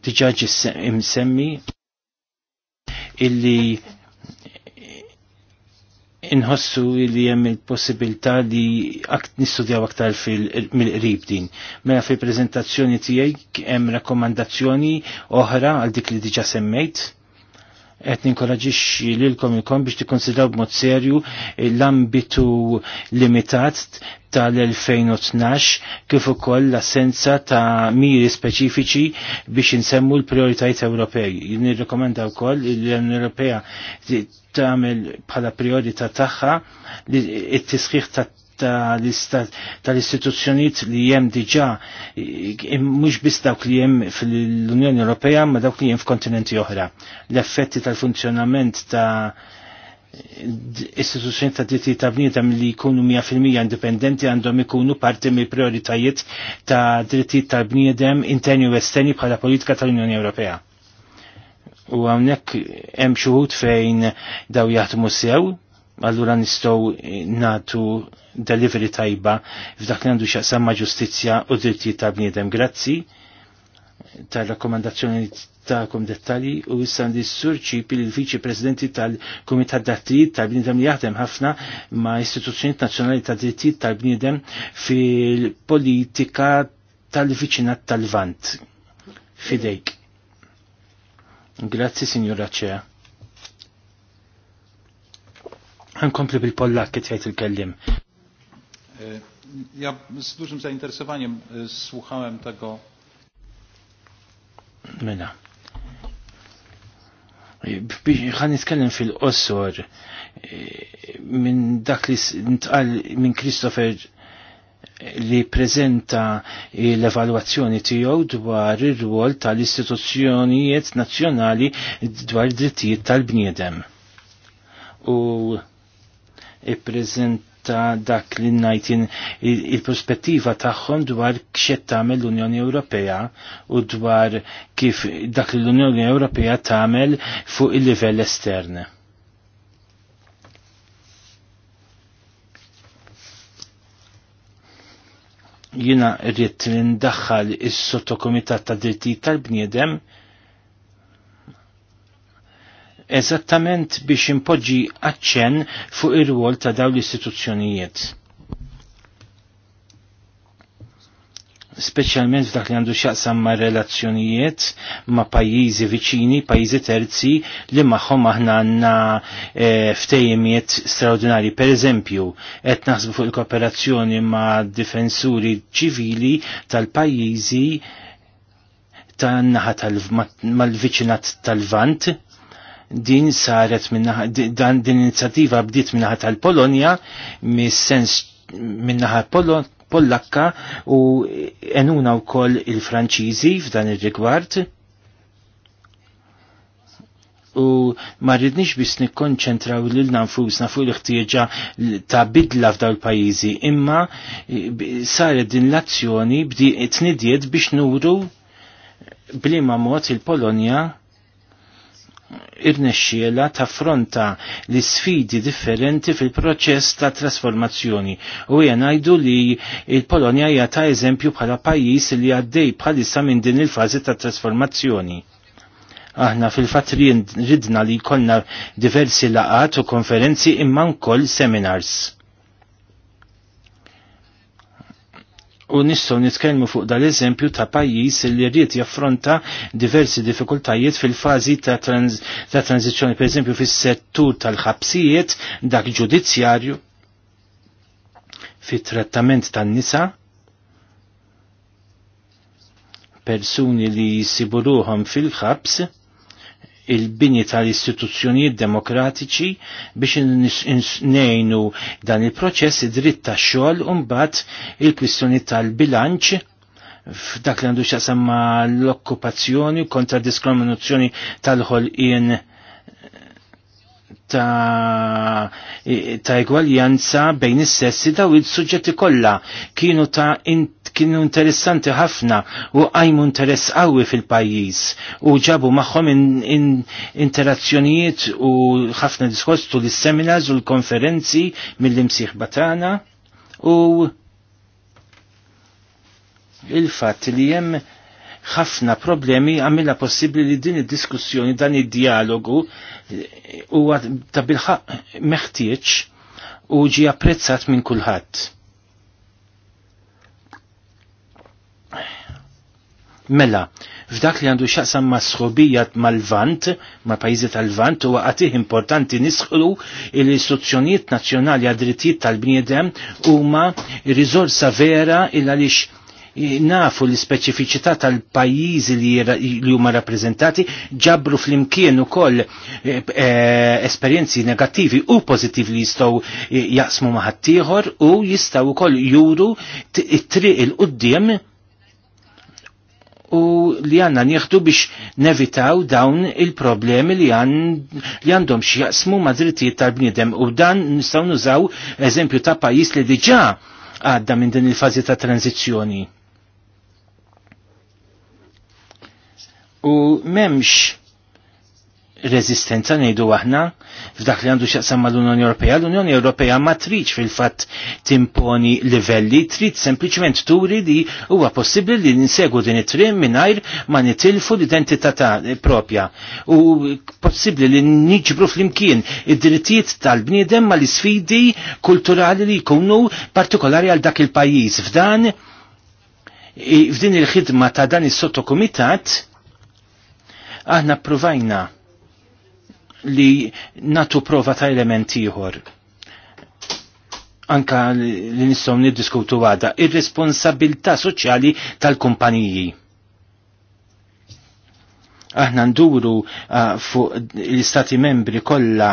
diġaġi imsemmi illi inħossu li hemm il-possibilità li nistudjaw aktar mill-qrib din. Mela fil-preżentazzjoni tiegħi hemm rakkomandazzjoni oħra għal dik li diġa semmejt qed ninkoraġixxi lilkom ilkom biex tikkonsidraw b'mod serju l-ambitu limitat tal-2012 kif ukoll l-assenza ta' miri speċifiċi biex insemmu l-prioritajiet Ewropej. Nirrekomenda wkoll li l-Unjoni Ewropea tagħmel bħala priorità tagħha it-tisħiħ ta' tal-istituzzjonijiet li jem diġa mhux biss dawk li jem fil-Unjoni Ewropea ma dawk li jem f'kontinenti oħra. L-effetti tal-funzjonament ta' istituzzjoni ta' diritti ta' bniedem li jkunu 100% indipendenti għandhom ikunu parti mill prioritajiet ta' diritti ta' bniedem interni u esterni bħala politika tal-Unjoni Ewropea. U hawnhekk hemm xuħud fejn daw jaħdmu sew allura nistgħu natu delivery tajba f'dak li għandu x'aqsam ma' ġustizzja u drittijiet ta' bniedem. Grazzi tal-rakkomandazzjoni ta'kom dettali u issa surċi pil il-Viċi Presidenti tal-Kumitat Dattijiet tal-Bniedem li jaħdem ħafna ma' istituzzjonijiet nazzjonali ta' drittijiet tal-bniedem fil-politika tal-viċinat tal-Vant. Fidejk. Grazzi, Signora Cea. Għankompli bil-Pollak jgħid il-kellim. E, ja z dużym zainteresowaniem e, słuchałem tego. Mela. Għan nitkellem fil-qossor e, minn dak li ntqal minn Christopher li prezenta l-evalwazzjoni tiegħu dwar ir-rwol tal-istituzzjonijiet nazzjonali dwar drittijiet tal-bniedem. U ippreżenta dak li najtin il-prospettiva tagħhom dwar x'qed tagħmel l-Unjoni Ewropea u dwar kif dak li l-Unjoni Ewropea tagħmel fuq il-livell estern. jina rrit l ndaħħal is sottokumitat ta' drittijiet tal-bniedem eżattament biex impoġġi aċċen fuq ir-rwol ta' dawn l-istituzzjonijiet. Speċjalment f'dak li għandu xaqsam ma' relazzjonijiet ma' pajjiżi viċini, pajjiżi terzi li magħhom aħna għandna e, eh, ftejjemiet straordinari. Per eżempju, qed naħsbu fuq il-kooperazzjoni ma' difensuri ċivili tal-pajjiżi tan-naħa mal-viċinat tal-Vant din saret minnaħa dan din inizjattiva bdiet minnaħa tal-Polonja mis-sens minnaħa Pollakka u enuna wkoll il-Franċiżi f'dan ir-rigward. U ma rridniex biss nikkonċentraw lil nfusna fuq il-ħtieġa ta' bidla f'dawn il-pajjiżi, imma e, saret din l-azzjoni bdi tnidiet biex nuru blima mod il-Polonja irnexxiela taffronta l sfidi differenti fil-proċess ta' trasformazzjoni u hija ngħidu li l-Polonja hija ta' eżempju bħala pajjiż li għaddej bħalissa minn din il-fażi ta' trasformazzjoni aħna fil-fatt ridna li jkollna diversi laqat u konferenzi imma wkoll seminars u nistgħu nitkellmu fuq dal-eżempju ta' pajjiż li rrid jaffronta diversi diffikultajiet fil-fażi ta' tranzizzjoni, pereżempju fis-settur tal-ħabsijiet dak ġudizzjarju fit-trattament tan-nisa persuni li jisiburuhom fil-ħabs il-bini tal-istituzzjonijiet demokratiċi biex nejnu dan il-proċess id-dritt ta' xogħol u mbagħad il-kwistjoni tal-bilanċ f'dak li għandu xaqsam l-okkupazzjoni kontra diskriminazzjoni tal-ħolqien ta', ta egwaljanza bejn is-sessi daw il-suġġetti kollha kienu ta' in, kienu interessanti ħafna u għajmu interess qawwi fil-pajjiż u ġabu magħhom interazzjonijiet u ħafna diskostu l-seminars u l-konferenzi mill imsiħ batana u il-fatt li hemm ħafna problemi għamilla possibbli li din id-diskussjoni dan id-dialogu eh, u ta' bilħaq meħtieġ u ġi apprezzat minn kulħadd. Mela, f'dak li għandu xaqsam ma' sħobija mal-vant, ma' pajizi tal-vant, u għatih importanti nisħlu il istruzzjoniet nazjonali għadrittijiet tal-bniedem u ma' rizorsa vera il għalix nafu l-speċifiċità tal-pajjiżi li huma rappreżentati ġabru flimkien ukoll eh, eh, esperjenzi negattivi u pożittivi li jistgħu eh, jaqsmu ma' ħaddieħor u jistgħu wkoll juru it-triq il-qudiem u li għanna nieħdu biex nevitaw dawn il-problemi li għandhom xjaqsmu ma' drittijiet tal-bniedem u dan nistaw nużaw eżempju ta' pajis li diġa għadda minn din il-fazi ta' tranzizjoni. u memx rezistenza nejdu aħna f'dak li għandu xaqsam l unjoni Ewropea. L-Unjoni Ewropea ma triċ fil-fatt timponi livelli, trid sempliċement turi li huwa possibbli li ninsegu din it-trim mingħajr ma nitilfu l-identità propja. U possibbli li niġbru fl-imkien id-drittijiet tal-bniedem ma l-isfidi kulturali li jkunu partikolari għal dak il-pajjiż. F'dan f'din il-ħidma ta' dan is-sottokumitat aħna provajna li natu prova ta' elementi ieħor. Anka li nistgħu niddiskutu għada, ir-responsabilità soċjali tal-kumpaniji. Aħna nduru fuq l-istati membri kollha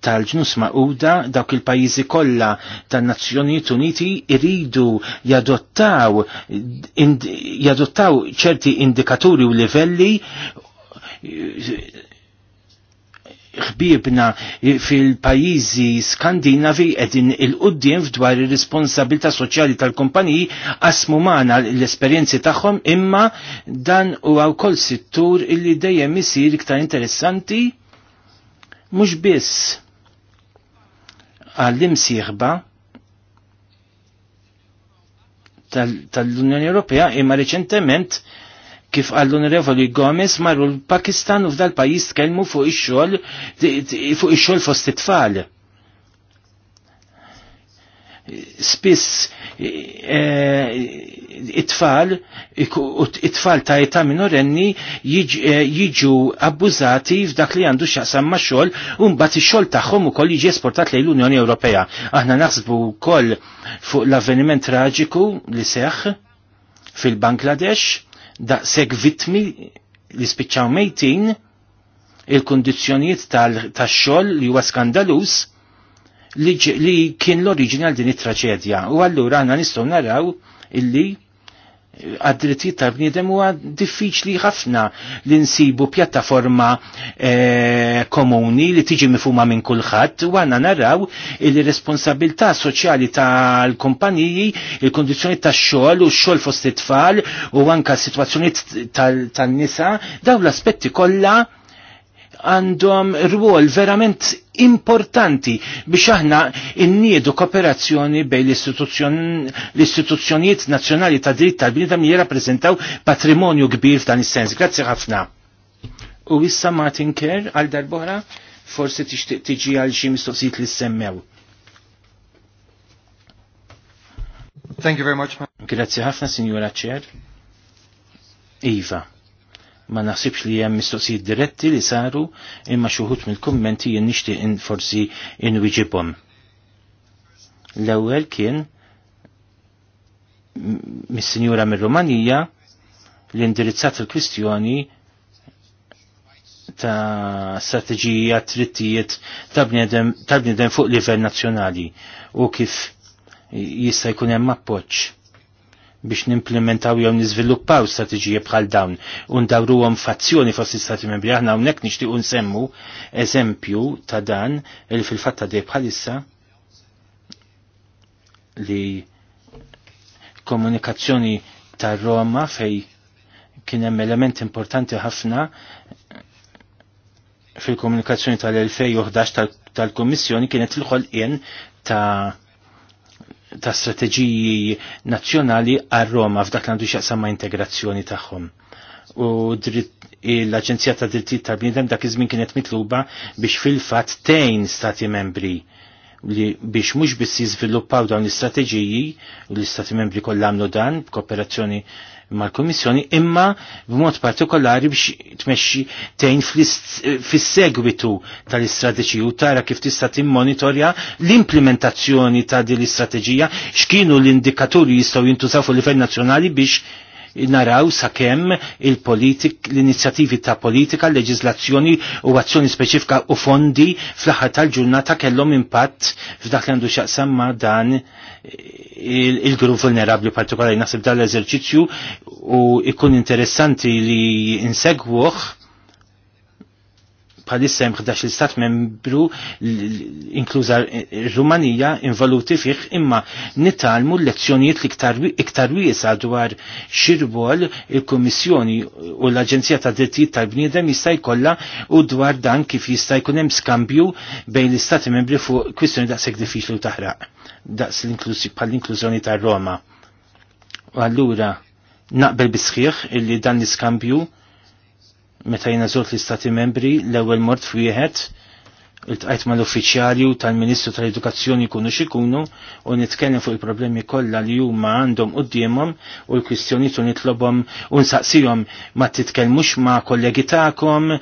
tal-ġnus maquda dawk il-pajjiżi kollha tan-Nazzjonijiet Uniti iridu jadottaw ind, jadottaw ċerti indikaturi u livelli ħbibna fil-pajizi skandinavi edin il-qoddim f'dwar ir-responsabilta soċjali tal-kumpaniji asmu maħna l-esperienzi tagħhom imma dan u wkoll sittur illi dejjem isir iktar interessanti mhux biss għall-imsieħba tal-Unjoni Ewropea imma reċentement kif għallu nirevoli Gomez marru l-Pakistan u f'dal pajis tkellmu fuq ix-xogħol fuq ix-xogħol fost it-tfal. Spiss e, e, it-tfal it-tfal ta' età minorenni e, jiġu abbużati f'dak li għandu x'aqsam ma' xogħol u mbagħad ix-xogħol tagħhom ukoll jiġi esportat lejn l-Unjoni Ewropea. Aħna naħsbu wkoll fuq l-avveniment traġiku li seħħ fil-Bangladesh daqshekk vittmi li spiċċaw mejtin il kondizjoniet tax-xogħol li huwa skandalus li, kien l-oriġinal din it-traċedja. U allura għandna nistgħu naraw illi għad-drittijiet tal-bniedem huwa diffiċli ħafna li nsibu pjattaforma e, komuni li tiġi mifhuma minn kulħadd u għandna naraw il-responsabilità soċjali tal-kumpaniji, il-kondizzjoni tax-xogħol u x-xogħol fost it-tfal u anke s-sitwazzjonijiet tan-nisa dawn l-aspetti kollha għandhom rwol verament importanti biex aħna inniedu kooperazzjoni bej l-istituzzjonijiet nazzjonali ta' dritt tal bnidem li jirrappreżentaw patrimonju kbir f'dan is-sens. Grazzi ħafna. U issa Martin Kerr għal darbora, forsi tixtieq tiġi għal xi mistoqsijiet li semmew. Thank you very much. Grazie ħafna, Signora Cher. Iva ma naħsibx li hemm mistoqsijiet diretti li saru imma xi wħud mill-kummenti jien nixtieq in forsi wijibom. L-ewwel kien mis-Sinjura mir romanija li indirizzat il-kwistjoni ta' strateġija trittijiet ta' bnedem fuq livell nazzjonali u kif jista' jkun hemm appoġġ biex nimplementaw jew niżviluppaw strateġija bħal dawn u ndawruhom fazzjoni fost istati membri aħna hawnhekk nixtiequ nsemmu eżempju ta' dan il fil-fatt ta' bħalissa li komunikazzjoni ta' Roma fej kien hemm element importanti ħafna fil-komunikazzjoni tal-2011 tal-Kommissjoni kienet il-ħolqien ta' ta' strateġiji nazzjonali għal Roma f'dak għandu xaqsam integrazzjoni tagħhom. U l-Aġenzija ta' Drittijiet tal-Bniedem dak iż-żmien kienet mitluba biex fil-fatt tejn stati membri li biex mhux biss jiżviluppaw dawn l-istrateġiji u l-istati membri kollha għamlu dan b'kooperazzjoni mal-Komissjoni imma b'mod partikolari biex tmexxi tejn fis-segwitu tal-istrateġija u tara kif tista' timmonitorja l-implementazzjoni ta' din l-istrateġija x'kienu l-indikaturi jistgħu jintużaw fuq livell nazzjonali biex naraw sakemm il-politik l-inizjattivi ta' politika, leġizlazzjoni u azzjoni speċifika u fondi fl-aħħar tal-ġurnata kellhom impatt f'dak li għandu x'aqsam ma' dan il-grupp vulnerabli partikolari naħseb dal l-eżerċizzju u ikun interessanti li insegwuh bħalissa hemm 11 stat membru inkluża Rumanija involuti fih imma nitalmu lezzjonijiet li iktar wiesa dwar xirbol il-Kummissjoni u l-Aġenzija ta' Drittijiet tal-Bniedem jista' jkollha u dwar dan kif jista' jkun hemm skambju bejn l-istati membri fuq kwistjoni daqshekk diffiċli u taħraq daqs l-inklużjoni tar Roma. U allura naqbel bisħiħ illi dan l-iskambju meta jina zort l-istati membri l-ewel mort wieħed, il mal ma l-uffiċjalju tal-Ministru tal-Edukazzjoni kunu xikunu u nitkellem fuq il-problemi kollha li huma għandhom qudiemhom u l-kwistjonijiet u nitlobhom u nsaqsihom ma titkellmux ma' kollegi tagħkom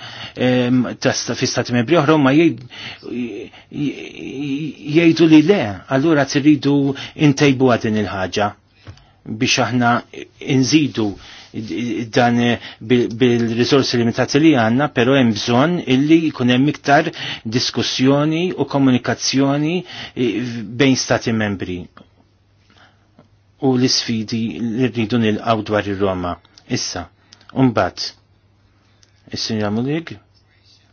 fi stati membri oħra ma jgħidu li le, allura tridu intejbuha din il-ħaġa biex aħna nżidu dan eh, bil-risorsi limitati li għanna, pero hemm bżonn illi jkun hemm iktar diskussjoni u komunikazzjoni eh, bejn stati membri u l-sfidi li rridu nilqaw dwar ir-Roma. Issa, umbat, is-Sinja Mulig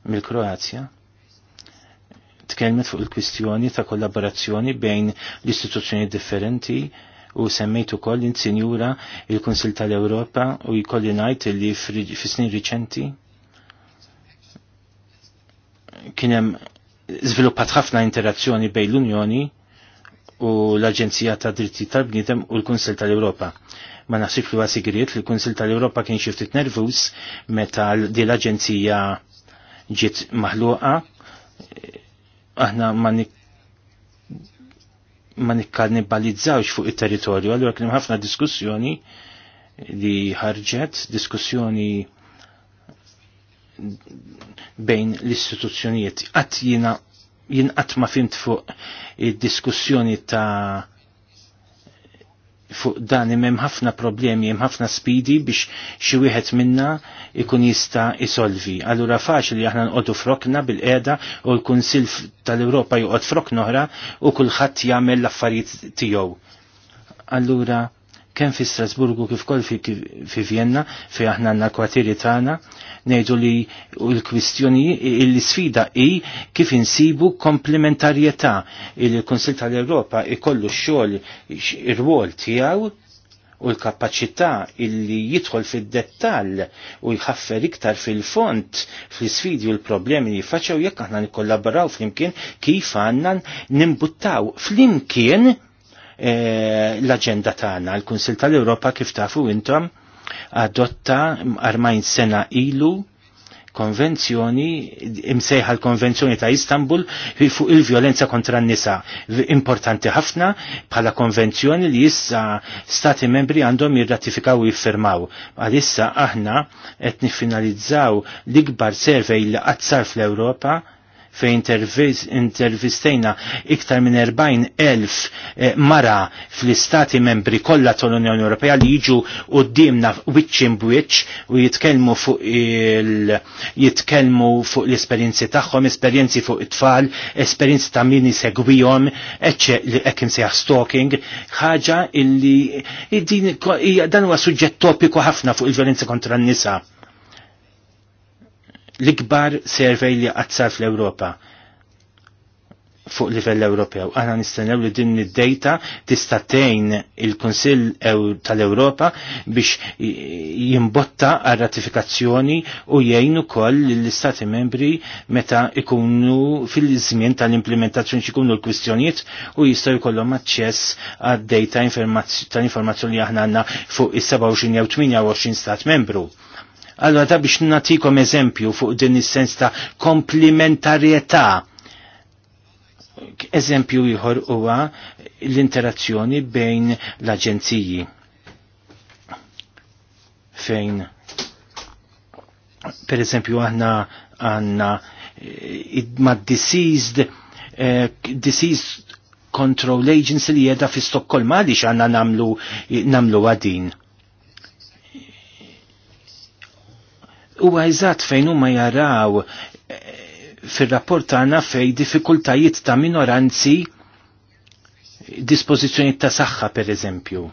mill-Kroazja tkellmet fuq il-kwistjoni ta' kollaborazzjoni bejn l-istituzzjoni differenti u semmejtu koll insinjura il-Konsil tal-Europa u jkolli najt li fi snin riċenti kienem zviluppat ħafna interazzjoni bejn l-Unjoni u l-Aġenzija ta' Dritti tal bnidem u l-Kunsil tal-Ewropa. Ma naħsib li għasigriet li l-Kunsil tal-Ewropa kien xiftit nervus meta di l-Aġenzija ġiet maħluqa aħna ma, ma nikkannibalizzawx fuq it-territorju, għallu kien ħafna diskussjoni li ħarġet, diskussjoni bejn l-istituzzjonijiet. Qatt jiena jien qatt ma fimt fuq id-diskussjoni ta' fuq dan imem ħafna problemi, hemm ħafna spidi biex xi wieħed minna ikun jista' isolvi. Allura faċli aħna nqogħdu frokna bil-qiegħda u l-Kunsill tal-Ewropa joqgħod frok noħra u kulħadd jagħmel l-affarijiet tiegħu. Allura kemm fi Strasburgu kif kol fi, fi Vienna fi aħna għanna kwatiri tagħna ngħidu li l-kwistjoni l-isfida hi kif insibu komplementarjetà il konsil tal-Ewropa ikollu x-xogħol ir-rwol tiegħu u l-kapacità illi jidħol fid-dettall u jħaffer iktar fil-font fl-sfidi u l-problemi li jiffaċċaw jekk aħna nikkollaboraw flimkien kif għandna nimbuttaw flimkien Eh, l-agenda tagħna. Il-Kunsil tal-Ewropa kif tafu intom adotta armajn sena ilu konvenzjoni, imsejħa l-konvenzjoni ta' Istanbul fuq il-violenza kontra n-nisa. Importanti ħafna bħala konvenzjoni li issa stati membri għandhom jirratifikaw u jiffirmaw. Għalissa aħna qed niffinalizzaw l-ikbar servej li qatt fl-Ewropa fejn intervistejna iktar minn 40.000 eh, mara fl-istati membri kollha tal-Unjoni Ewropea li jiġu qudiemna wiċċ imbuċ u jitkellmu fuq jitkelmu jitkellmu fuq l-esperjenzi tagħhom, esperjenzi fuq it-tfal, esperjenzi ta' min isegwihom, ecce li qed imsejjaħ stalking, ħaġa illi dan huwa suġġett topiku ħafna fuq il-violenza kontra n-nisa l-ikbar servej li għazzar fl-Ewropa fuq livell Ewropew. Aħna nistennew li din id-data tista' tgħin il-Kunsill tal-Ewropa biex jimbotta għal ratifikazzjoni u jgħin ukoll lill-Istati membri meta ikunu fil-żmien tal-implementazzjoni x'ikunu l-kwistjonijiet u jistgħu jkollhom aċċess għad-data tal-informazzjoni li aħna għandna fuq is-27 jew 28 stat membru Allora ta' biex natikom eżempju fuq din is-sens ta' komplementarjetà. Eżempju ieħor huwa l-interazzjoni bejn l-aġenziji. Fejn per eżempju aħna għanna eh, ma' diseased eh, diseased control agency li jeda fi Stokkolma għaliex għanna namlu namlu għadin huwa eżatt fejn huma jaraw eh, fir-rapport tagħna fej diffikultajiet ta' minoranzi dispożizzjonijiet ta' saħħa per eżempju.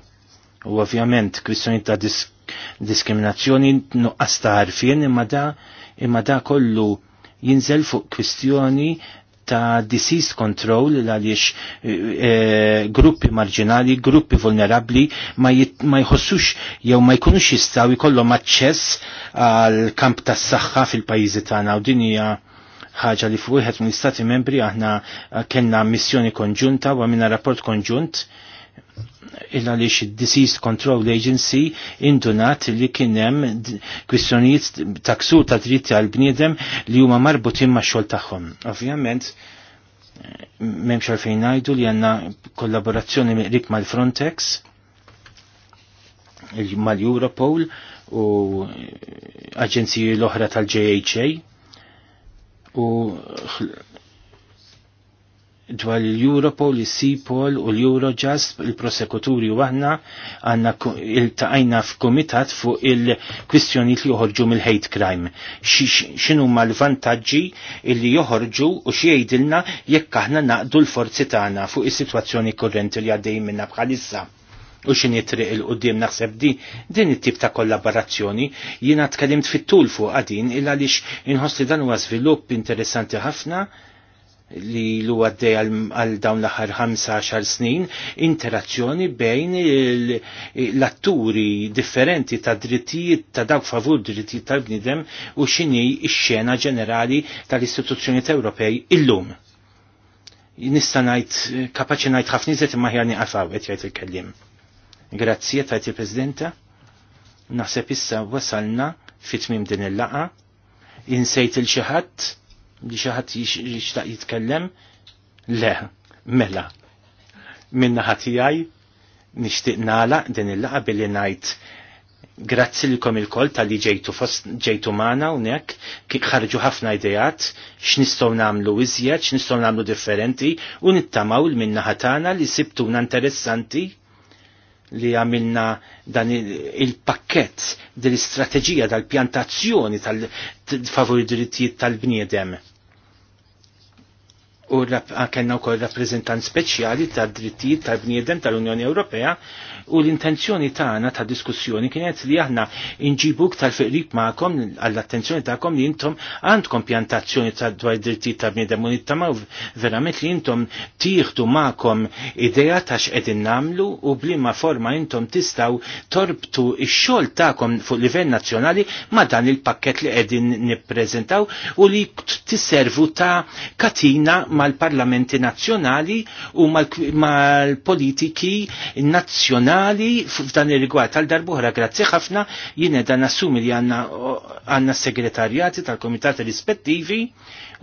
U ovvjament kwistjoni ta' dis diskriminazzjoni nuqqas ta' arfien imma da imma da kollu jinżel fuq kwistjoni ta' disease control għaliex e, gruppi marginali, gruppi vulnerabli ma, ma jħossux jew ma jkunux jistaw jkollhom aċċess għal kamp tas saħħa fil-pajjiżi tagħna u din hija ħaġa li fuq wieħed mill-istati membri aħna kellna missjoni konġunta u għamilna rapport konġunt illa li Disease Control Agency indunat li kienem kwistjonijiet taksu ta' dritti għal bniedem li huma marbutin ma' xogħol tagħhom. Ovvjament, memx għalfejn ngħidu li għandna kollaborazzjoni miqrib mal-Frontex, mal-Europol u aġenziji l-oħra tal-JHA u dwar l-Europol, l-Sipol u l-Eurojust, il-prosekuturi u għanna għanna il-taqajna f-komitat fuq il-kwistjoni li joħorġu mill-hate crime. Xinu ma l-vantagġi li joħorġu u xiejdilna jekk aħna naqdu l-forzi tagħna fuq is-sitwazzjoni korrenti li għaddej minna bħalissa u xin jitriq il-qoddim naħseb di din it-tip ta' kollaborazzjoni jiena tkellimt fit-tul fuq għadin il għaliex inħossi dan huwa żvilupp interessanti ħafna li l għaddej għal dawn l-aħħar 15 snin interazzjoni bejn l-atturi differenti ta' drittijiet ta' dawk favur drittijiet tal-bnidem u xini x-xena ġenerali tal-istituzzjonijiet Ewropej illum. Nista' ngħid kapaċi ngħid ħafna iżet imma ħjar qafaw qed jgħid il-kellim. Grazzi tajt il-Presidenta. Naħseb issa wasalna fit-tmim din il-laqa. Insejt il-xi ħadd li xaħat jixtaq jitkellem? Le, mela. Minna ħatijaj, nishtiq nala din il-laqa billi najt grazzi kom il kol tal-li ġejtu fost ġejtu mana unek, ħarġu ħafna idejat, x'nistgħu nagħmlu iżjed, x'nistgħu nagħmlu differenti, u nittamaw il-minna ħatana li sibtuna interessanti li għamilna dan il-pakket il dil-istrateġija tal-pjantazzjoni tal-favori drittijiet tal-bniedem. tal pjantazzjoni tal favori drittijiet tal bniedem tal drittijiet tal bniedem u kellna wkoll rappreżentant speċjali tad drittijiet tal-bniedem tal-Unjoni Ewropea u l-intenzjoni tagħna ta' diskussjoni kienet li aħna inġibu tal-fiqrib magħkom għall-attenzjoni tagħkom li intom għandkom pjantazzjoni ta' dwar drittijiet tal-bniedem u nittamaw verament li intom tieħdu magħkom idea ta' x'qegħdin nagħmlu u bliema forma intom tistgħu torbtu x-xogħol tagħkom fuq livell nazzjonali ma' dan il-pakket li qegħdin nippreżentaw u li tisservu ta' katina ma' mal-parlamenti nazzjonali u mal-politiki nazzjonali f'dan ir-rigward tal-darbuħra. Grazzi ħafna jien dan assumi li għandna segretarjati tal-komitati rispettivi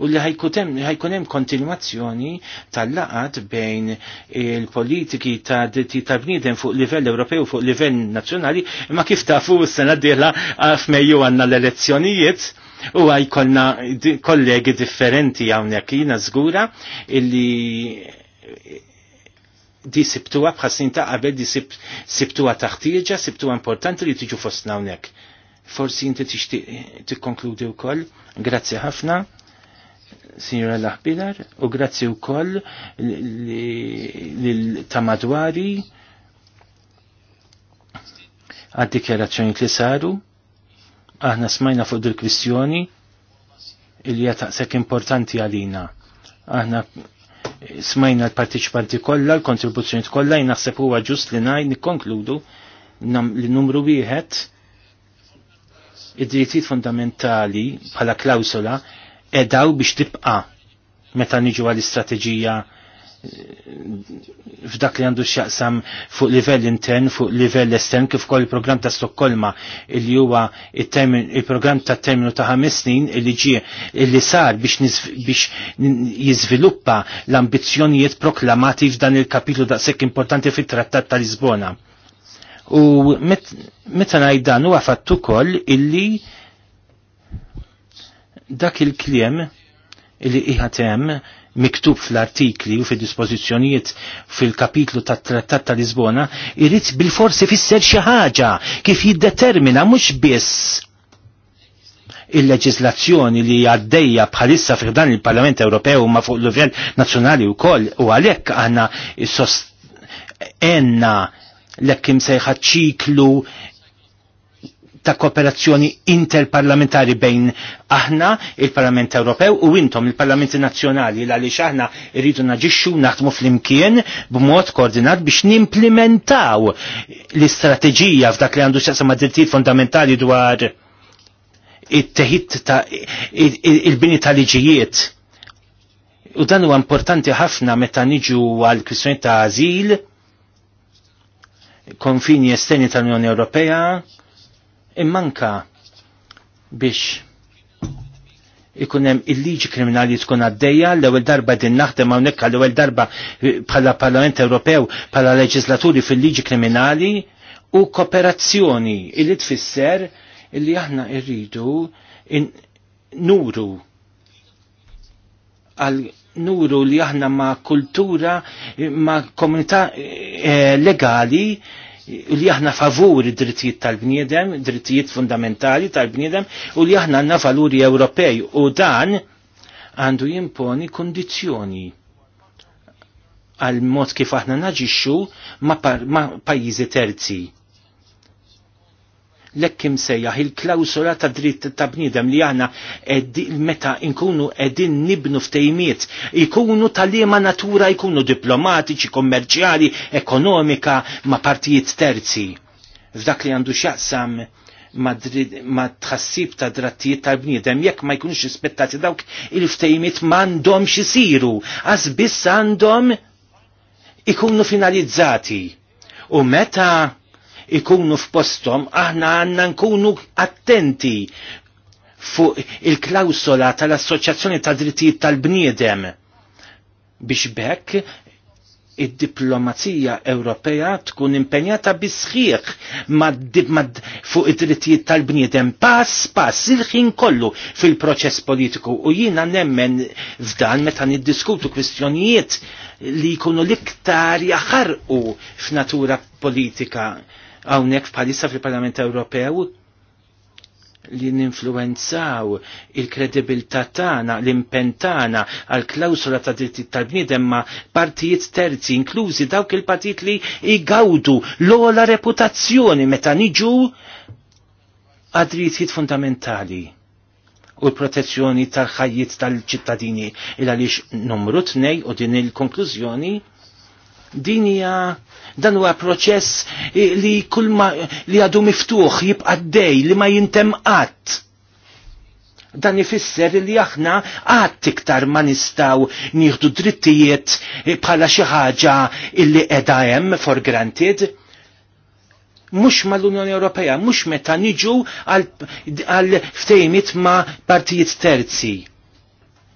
u li ħajkun hemm kontinwazzjoni tal-laqat bejn il-politiki ta' dritti ta' bniedem fuq livell Ewropew fuq livell nazzjonali, ma kif tafu s-sena d-dieħla f'Mejju għandna l-elezzjonijiet u għaj konna kollegi differenti għawnek jina zgura illi di sibtuwa b'ħasinta ta' qabel di sibtuwa taħtieġa, sibtuwa importanti li tiġu fostna hawnhekk. Forsi inti konkludi tikkonkludi wkoll. Grazzi ħafna. Signora Laħbilar, u grazzi u koll ta' madwari għad dikjarazzjoni li saru Aħna smajna fuq dil kwistjoni il hija taqsek importanti għalina. Aħna smajna l-partiċipanti kollha, l-kontribuzzjoni kollha, naħseb huwa ġust li ngħid nikkonkludu li numru wieħed id-drittijiet fundamentali bħala klawsola edaw biex tibqa' meta niġu għall-istrateġija f'dak li għandu x'jaqsam fuq livell intern, fuq livell estern, kif ukoll il-programm ta' Stokkolma li huwa il-programm ta' terminu ta' ħames snin li ġie li sar biex jiżviluppa l-ambizzjonijiet proklamati f'dan il-kapitlu daqshekk importanti fit-Trattat ta' Lisbona. U meta ngħid dan huwa fatt ukoll illi dak il-kliem illi iħatem hemm miktub fl-artikli u fil-dispozizjonijiet fil-kapitlu tat trattat ta' Lisbona, irrit bil-forsi fisser xi ħaġa kif jiddetermina mhux biss il-leġislazzjoni li għaddejja bħalissa fi dan il-Parlament Ewropew ma fuq l livell nazzjonali u koll u għalhekk għandna enna l-ekkim sejħa ċiklu ta' kooperazzjoni interparlamentari bejn aħna, il-Parlament Ewropew, u intom il-Parlamenti Nazzjonali, għaliex aħna rridu naġixxu naħdmu fl-imkien b'mod koordinat biex nimplementaw l-istrateġija f'dak li għandu ma' drittijiet fundamentali dwar it-teħid ta' il-bini tal-liġijiet. U dan huwa importanti ħafna meta niġu għal kwistjoni ta' azil, konfini esteni tal-Unjoni Ewropea, immanka biex ikunem il-liġi kriminali tkun għaddeja l-ewel darba din naħdem hawnhekk l-ewel darba bħala Parlament Ewropew bħala leġislaturi fil-liġi kriminali u kooperazzjoni illi tfisser illi aħna irridu nuru għal nuru li aħna ma' kultura ma' komunità eh, legali li aħna favur id-drittijiet tal-bniedem, drittijiet fundamentali tal-bniedem u li aħna għandna valuri Ewropej u dan għandu jimponi kondizjoni għal mod kif aħna naġixxu ma', ma pajjiżi terzi l-ekkim sejjaħ il-klausura ta' dritt ta' bnidem li għana meta inkunu edin nibnu ftejmiet, ikunu tal-liema natura ikunu diplomatiċi, kommerċjali, ekonomika ma' partijiet terzi. F'dak li għandu xaqsam ma tħassib ta' drattijiet tal-bniedem jekk ma jkunux ispettati dawk il-ftejmiet għandhom xisiru, għaz biss għandhom ikunu finalizzati. U meta ikunu f'postom, aħna għanna nkunu attenti fuq il-klausola tal-Assoċjazzjoni ta' Drittijiet tal-Bniedem biex bekk id-diplomazija Ewropea tkun impenjata bisħiħ fuq id-drittijiet tal-bniedem pass pass il-ħin kollu fil-proċess politiku u jina nemmen f'dan meta niddiskutu kwistjonijiet li jkunu liktar jaħarqu f'natura politika hawnhekk bħalissa fil-Parlament Ewropew li ninfluenzaw il-kredibilità tagħna, l-impenn tagħna għal klawsula ta' dritti tal-bniedem ma' partijiet terzi, inklużi dawk il-partijiet li igawdu l-ola reputazzjoni meta niġu għadrijiet fundamentali u l-protezzjoni tal-ħajjiet tal-ċittadini il għaliex numru tnej u din il-konklużjoni Dinja dan huwa proċess li kull ma li għadu miftuħ jibqa' dej li ma jintem qatt. Dan ifisser li aħna qatt iktar ma nistgħu nieħdu drittijiet bħala xi ħaġa illi qiegħda hemm for granted. Mhux mal-Unjoni Ewropea, mhux meta niġu għal ftejmit ma' partijiet terzi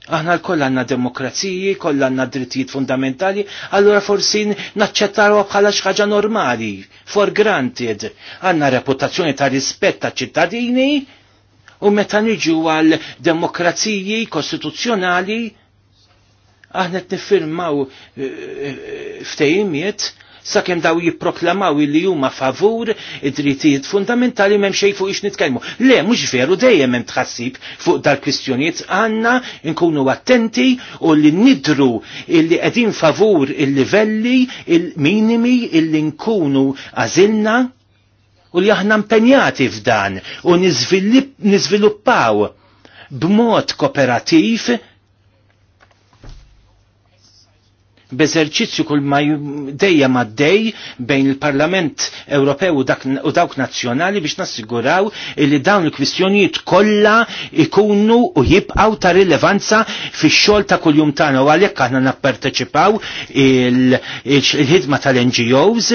Aħna l-koll għanna demokraziji, koll għanna drittijiet fundamentali, allora forsi naċċettawa bħala xaġa normali, for granted. Għanna reputazzjoni ta' rispett ta' ċittadini u meta niġu għal demokraziji kostituzzjonali, aħna t-nifirmaw eh, eh, ftejimiet sakemm daw jipproklamaw li huma favur id-drittijiet fundamentali m'hemm xejn fuq ix nitkellmu. Le mhux veru dejjem hemm tħassib fuq dal-kwistjonijiet għandna nkunu attenti u li nidru illi qegħdin favur il-livelli il-minimi illi nkunu għażilna u li aħna impenjati f'dan u niżviluppaw b'mod kooperativ b'eżerċizzju kull ma dejjem għaddej bejn il-Parlament Ewropew u dawk nazzjonali biex nassiguraw li dawn il-kwistjonijiet kollha ikunu u jibqgħu ta' rilevanza fix-xogħol ta' kuljum tagħna u għalhekk aħna napparteċipaw il-ħidma tal-NGOs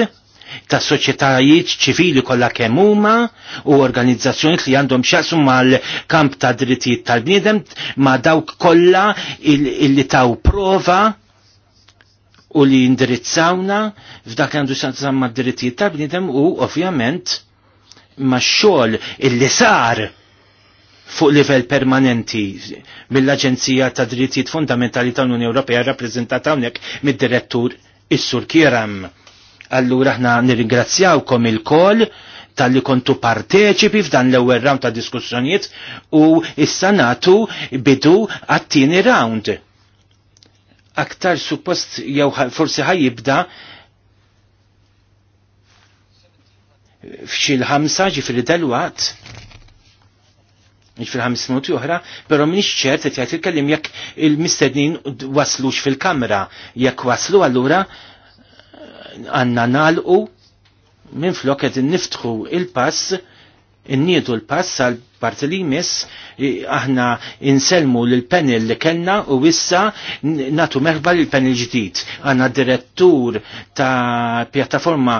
ta' soċjetajiet ċivili kollha kemm huma u organizzazzjonijiet li għandhom x'jaqsu mal-kamp ta' drittijiet tal-bniedem ma' dawk kollha illi taw prova u li indirizzawna f'dak għandu xantzam ma' drittijiet ta' bnidem u ovvjament ma' xogħol illi sar fuq livell permanenti mill-Aġenzija ta' Drittijiet Fundamentali tal-Unjoni Ewropea rappreżentata hawnhekk mid-direttur is-Sur Kieram. Allura aħna nirringrazzjawkom il-kol tal-li kontu parteċipi f'dan l-ewwel round ta' diskussjonijiet u issa natu bidu għat-tieni round aktar suppost jew forsi ħajibda f'xil ħamsa ġifri dal-waqt fil ħamsa minuti oħra, pero minix ċert qed jgħid il-kellim jekk il-mistednin waslux fil-kamra. Jekk waslu allura għandna nagħlqu minn qed niftħu il-pass innietu l-pass għal parti li jmiss aħna inselmu l-panel li kellna u wissa natu merba l-panel ġdid. Għanna direttur ta' pjattaforma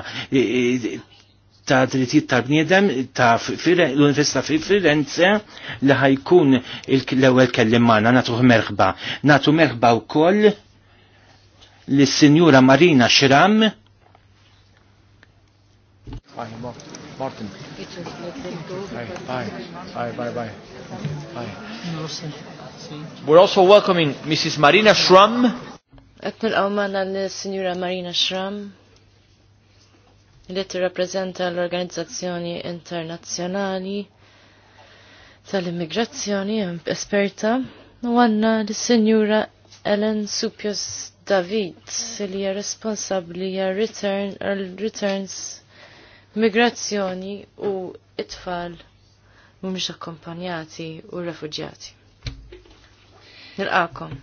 ta' drittijiet tal-bniedem ta' l-Università fi Firenze li ħajkun l-ewwel kellim magħna nagħtuh merħba. Nagħtu merħba wkoll lis-Sinjura Marina Xiram. Martin. Bye. Bye. Bye. Bye. Bye. We're also welcoming Mrs. Marina Schramm. Etnil għawmana l-Signora Marina Schramm li t-rapprezenta l-Organizzazzjoni Internazzjonali tal-Immigrazzjoni esperta u għanna l-Signora Ellen Supios David li hija responsabbli għal return, returns migrazzjoni u it-tfal mhumiex akkompanjati u refuġjati. Nilqakom.